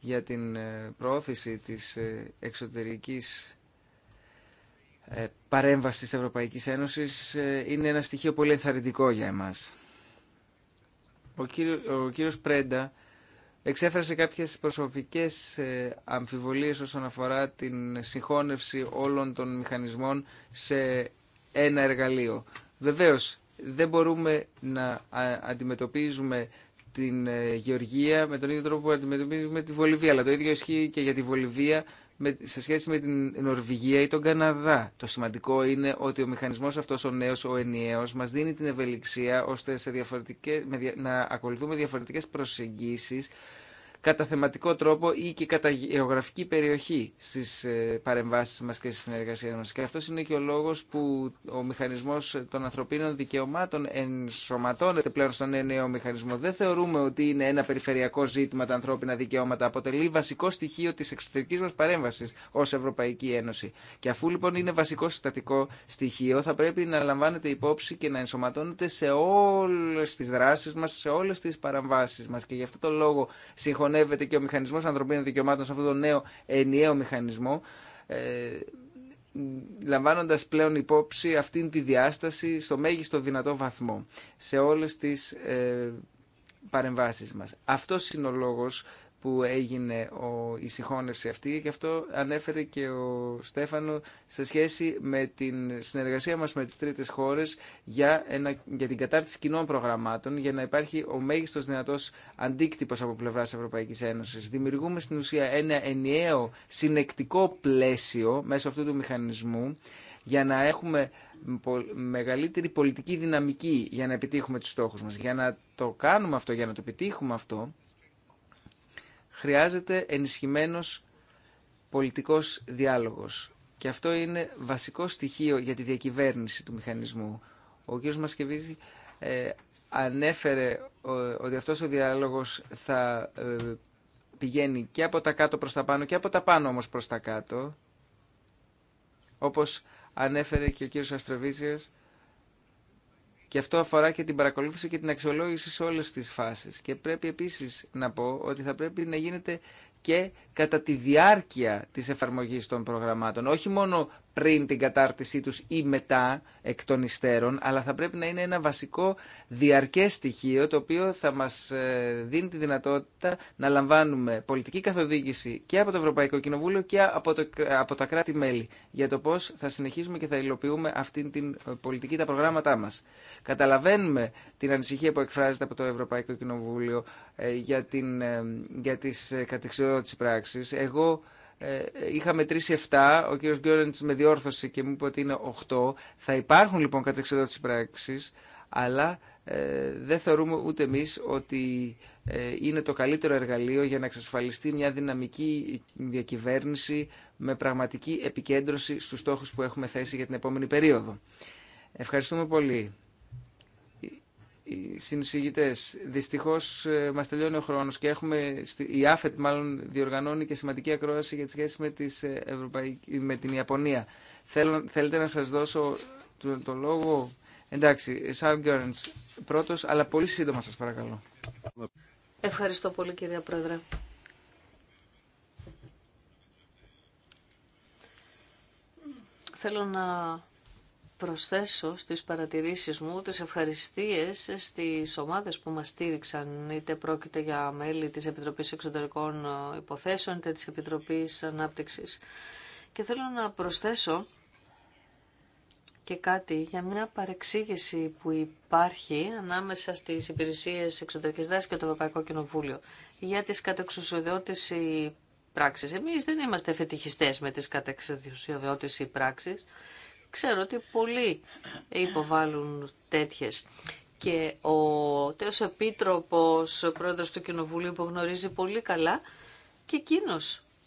για την ε, προώθηση της ε, εξωτερικής παρέμβασης της Ευρωπαϊκής Ένωσης είναι ένα στοιχείο πολύ ενθαρρυντικό για εμάς. Ο κύριος Πρέντα εξέφρασε κάποιες προσωπικές ε, αμφιβολίες όσον αφορά την συγχώνευση όλων των μηχανισμών σε ένα εργαλείο. Βεβαίως, δεν μπορούμε να αντιμετωπίζουμε την ε, Γεωργία με τον ίδιο τρόπο που αντιμετωπίζουμε τη Βολιβία, αλλά το ίδιο ισχύει και για τη Βολιβία σε σχέση με την Νορβηγία ή τον Καναδά. Το σημαντικό είναι ότι ο μηχανισμός αυτός ο νέος, ο ενιαίο μας δίνει την ευελιξία ώστε σε διαφορετικές, να ακολουθούμε διαφορετικές προσεγγίσεις κατά θεματικό τρόπο ή και κατά γεωγραφική περιοχή στις ε, παρεμβάσεις μας και στη συνεργασία μας. Και αυτό είναι και ο λόγος που ο μηχανισμός των ανθρωπίνων δικαιωμάτων ενσωματώνεται πλέον στον νέο μηχανισμό. Δεν θεωρούμε ότι είναι ένα περιφερειακό ζήτημα τα ανθρώπινα δικαιώματα. Αποτελεί βασικό στοιχείο της εξωτερικής μας παρέμβασης ως Ευρωπαϊκή Ένωση. Και αφού λοιπόν είναι βασικό συστατικό στοιχείο θα πρέπει να λαμβάνεται υπόψη και να ενσωματώνεται σε όλες τις δράσεις μας, σε όλες τις παραμβάσει μας. Και γι' αυτό το λόγο συγχωνεύουμε και ο μηχανισμός ανθρωπίνων δικαιωμάτων σε αυτόν τον νέο ενιαίο μηχανισμό, ε, λαμβάνοντας πλέον υπόψη αυτήν τη διάσταση στο μέγιστο δυνατό βαθμό σε όλες τις ε, παρεμβάσεις μας. Αυτός είναι ο λόγος που έγινε ο, η συγχώνευση αυτή και αυτό ανέφερε και ο Στέφανο σε σχέση με την συνεργασία μας με τις τρίτες χώρες για, ένα, για την κατάρτιση κοινών προγραμμάτων για να υπάρχει ο μέγιστος δυνατός αντίκτυπος από πλευράς Ευρωπαϊκής Ένωσης. Δημιουργούμε στην ουσία ένα ενιαίο συνεκτικό πλαίσιο μέσω αυτού του μηχανισμού για να έχουμε μεγαλύτερη πολιτική δυναμική για να επιτύχουμε τους στόχους μας. Για να το κάνουμε αυτό, για να το επιτύχουμε αυτό, χρειάζεται ενισχυμένος πολιτικός διάλογος. Και αυτό είναι βασικό στοιχείο για τη διακυβέρνηση του μηχανισμού. Ο κ. Μασκεβίζη ε, ανέφερε ότι αυτός ο διάλογος θα ε, πηγαίνει και από τα κάτω προς τα πάνω και από τα πάνω όμως προς τα κάτω. Όπως ανέφερε και ο κύριος Αστροβίζιος, και αυτό αφορά και την παρακολούθηση και την αξιολόγηση σε όλες τις φάσεις. Και πρέπει επίσης να πω ότι θα πρέπει να γίνεται και κατά τη διάρκεια της εφαρμογής των προγραμμάτων. Όχι μόνο πριν την κατάρτισή τους ή μετά εκ των υστέρων, αλλά θα πρέπει να είναι ένα βασικό διαρκές στοιχείο το οποίο θα μας ε, δίνει τη δυνατότητα να λαμβάνουμε πολιτική καθοδήγηση και από το Ευρωπαϊκό Κοινοβούλιο και από, το, από τα κράτη-μέλη για το πώς θα συνεχίσουμε και θα υλοποιούμε αυτή την ε, πολιτική, τα προγράμματά μας. Καταλαβαίνουμε την ανησυχία που εκφράζεται από το Ευρωπαϊκό Κοινοβούλιο ε, για, την, για τις κατεξιότητες πράξεις. Εγώ ειχαμε μετρήσει 7, ο κύριος Γκιόρεντς με διόρθωσε και μου είπε ότι είναι 8. Θα υπάρχουν λοιπόν εξοδότηση πράξεις, αλλά ε, δεν θεωρούμε ούτε εμείς ότι ε, είναι το καλύτερο εργαλείο για να εξασφαλιστεί μια δυναμική διακυβέρνηση με πραγματική επικέντρωση στους στόχους που έχουμε θέσει για την επόμενη περίοδο. Ευχαριστούμε πολύ συνεισηγητές. Δυστυχώς ε, μας τελειώνει ο χρόνος και έχουμε, η ΑΦΕΤ μάλλον διοργανώνει και σημαντική ακρόαση για τη σχέση με, τις ε, με την Ιαπωνία. Θέλω, θέλετε να σας δώσω το, το λόγο. Εντάξει, Σαρ πρώτος, αλλά πολύ σύντομα σας παρακαλώ. Ευχαριστώ πολύ κυρία Πρόεδρε. Θέλω να προσθέσω στις παρατηρήσεις μου τις ευχαριστίες στις ομάδες που μας στήριξαν, είτε πρόκειται για μέλη της Επιτροπής Εξωτερικών Υποθέσεων, είτε της Επιτροπής Ανάπτυξης. Και θέλω να προσθέσω και κάτι για μια παρεξήγηση που υπάρχει ανάμεσα στις υπηρεσίες εξωτερικής δράσης και το Ευρωπαϊκό Κοινοβούλιο για τις κατεξουσιοδότηση πράξεις. Εμείς δεν είμαστε φετιχιστές με τις πράξεις. Ξέρω ότι πολλοί υποβάλλουν τέτοιε. Και ο τέο επίτροπο, ο πρόεδρος του Κοινοβουλίου που γνωρίζει πολύ καλά και εκείνο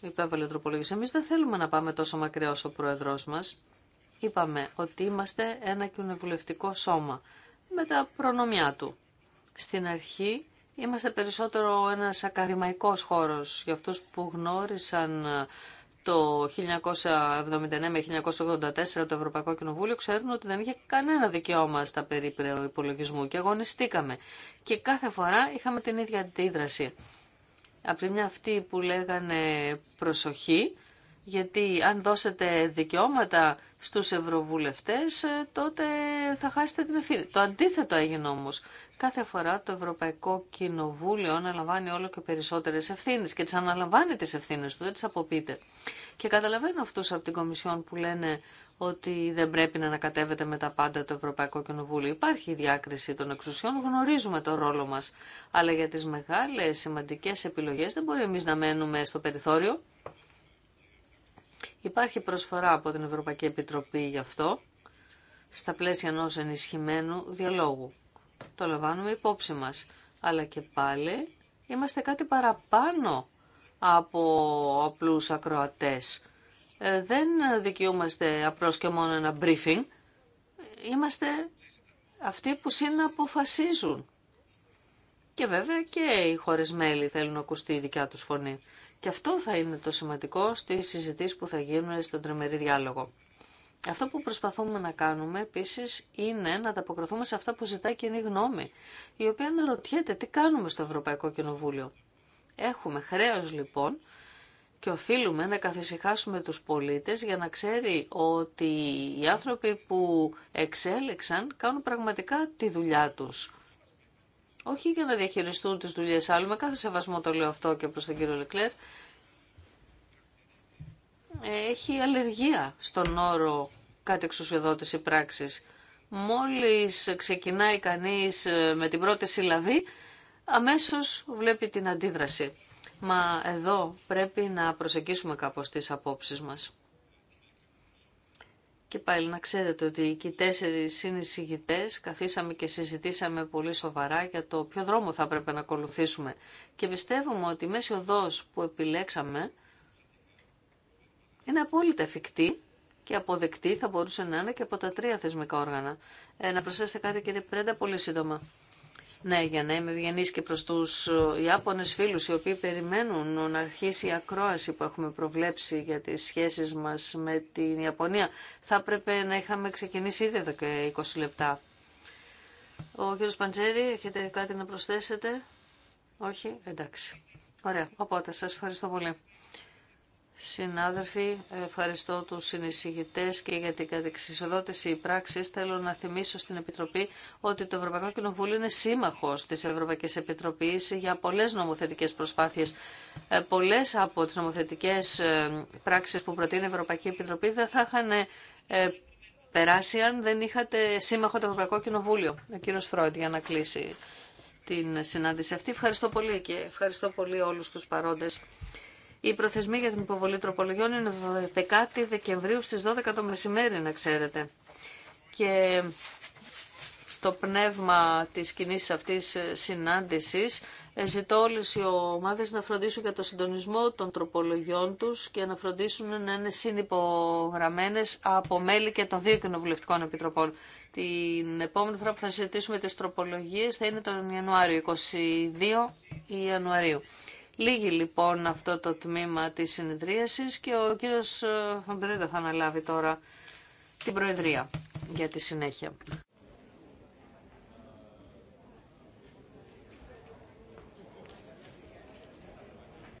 υπέβαλε τροπολογίε. Εμείς δεν θέλουμε να πάμε τόσο μακριά όσο ο πρόεδρος μας. Είπαμε ότι είμαστε ένα κοινοβουλευτικό σώμα με τα προνομιά του. Στην αρχή είμαστε περισσότερο ένας ακαδημαϊκός χώρος για αυτούς που γνώρισαν το 1979 1984 το Ευρωπαϊκό Κοινοβούλιο ξέρουν ότι δεν είχε κανένα δικαίωμα στα περίπρεο υπολογισμού και αγωνιστήκαμε. Και κάθε φορά είχαμε την ίδια αντίδραση. από τη μια αυτή που λέγανε προσοχή, γιατί αν δώσετε δικαιώματα στους ευρωβουλευτές ε, τότε θα χάσετε την ευθύνη. Το αντίθετο έγινε όμως κάθε φορά το Ευρωπαϊκό Κοινοβούλιο αναλαμβάνει όλο και περισσότερες ευθύνες και τις αναλαμβάνει τις ευθύνες του, δεν τις αποποιείται. Και καταλαβαίνω αυτούς από την Κομισιόν που λένε ότι δεν πρέπει να ανακατεύεται με τα πάντα το Ευρωπαϊκό Κοινοβούλιο. Υπάρχει η διάκριση των εξουσιών, γνωρίζουμε το ρόλο μας. Αλλά για τις μεγάλες σημαντικές επιλογές δεν μπορεί εμεί να μένουμε στο περιθώριο. Υπάρχει προσφορά από την Ευρωπαϊκή Επιτροπή γι' αυτό, στα πλαίσια ενό ενισχυμένου διαλόγου το λαμβάνουμε υπόψη μας. Αλλά και πάλι είμαστε κάτι παραπάνω από απλούς ακροατές. Ε, δεν δικαιούμαστε απλώς και μόνο ένα briefing. Είμαστε αυτοί που συναποφασίζουν. Και βέβαια και οι χώρες μέλη θέλουν να ακουστεί η δικιά τους φωνή. Και αυτό θα είναι το σημαντικό στις συζητήσεις που θα γίνουν στον τριμερή διάλογο. Αυτό που προσπαθούμε να κάνουμε επίση είναι να ανταποκριθούμε σε αυτά που ζητάει κοινή γνώμη, η οποία αναρωτιέται τι κάνουμε στο Ευρωπαϊκό Κοινοβούλιο. Έχουμε χρέος λοιπόν και οφείλουμε να καθησυχάσουμε τους πολίτες για να ξέρει ότι οι άνθρωποι που εξέλεξαν κάνουν πραγματικά τη δουλειά τους. Όχι για να διαχειριστούν τις δουλειές άλλου, με κάθε σεβασμό το λέω αυτό και προς τον κύριο Λεκλέρ, έχει αλλεργία στον όρο κάτι εξουσιοδότηση πράξης. Μόλις ξεκινάει κανείς ε, με την πρώτη συλλαβή, αμέσως βλέπει την αντίδραση. Μα εδώ πρέπει να προσεγγίσουμε κάπως τις απόψεις μας. Και πάλι να ξέρετε ότι και οι τέσσερις συνεισηγητές καθίσαμε και συζητήσαμε πολύ σοβαρά για το ποιο δρόμο θα έπρεπε να ακολουθήσουμε. Και πιστεύουμε ότι η μέση οδός που επιλέξαμε είναι απόλυτα εφικτή και αποδεκτή θα μπορούσε να είναι και από τα τρία θεσμικά όργανα. Ε, να προσθέσετε κάτι κύριε Πρέντα πολύ σύντομα. Ναι, για να είμαι ευγενή και προ του ε, Ιάπωνε φίλου, οι οποίοι περιμένουν να αρχίσει η ακρόαση που έχουμε προβλέψει για τι σχέσει μα με την Ιαπωνία. Θα έπρεπε να είχαμε ξεκινήσει ήδη εδώ και 20 λεπτά. Ο κύριος Παντζέρη, έχετε κάτι να προσθέσετε. Όχι, εντάξει. Ωραία, οπότε σας ευχαριστώ πολύ. Συνάδελφοι, ευχαριστώ τους συνεισηγητές και για την κατεξισοδότηση πράξης. Θέλω να θυμίσω στην Επιτροπή ότι το Ευρωπαϊκό Κοινοβούλιο είναι σύμμαχος της Ευρωπαϊκής Επιτροπής για πολλές νομοθετικές προσπάθειες. Ε, πολλές από τις νομοθετικές ε, πράξεις που προτείνει η Ευρωπαϊκή Επιτροπή δεν θα είχαν ε, περάσει αν δεν είχατε σύμμαχο το Ευρωπαϊκό Κοινοβούλιο. Ο κύριος Φρόντ για να κλείσει την συνάντηση αυτή. Ευχαριστώ πολύ και ευχαριστώ πολύ όλους τους παρόντες. Οι προθεσμοί για την υποβολή τροπολογιών είναι 12 Δεκεμβρίου στις 12 το μεσημέρι, να ξέρετε. Και στο πνεύμα της κοινή αυτής συνάντησης ε, ζητώ όλες οι ομάδες να φροντίσουν για το συντονισμό των τροπολογιών τους και να φροντίσουν να είναι συνυπογραμμένες από μέλη και των δύο κοινοβουλευτικών επιτροπών. Την επόμενη φορά που θα συζητήσουμε τις τροπολογίες θα είναι τον Ιανουάριο, 22 Ιανουαρίου. Λίγει λοιπόν αυτό το τμήμα της συνεδρίασης και ο κύριος ε, Φαμπρέντα θα αναλάβει τώρα την Προεδρία για τη συνέχεια.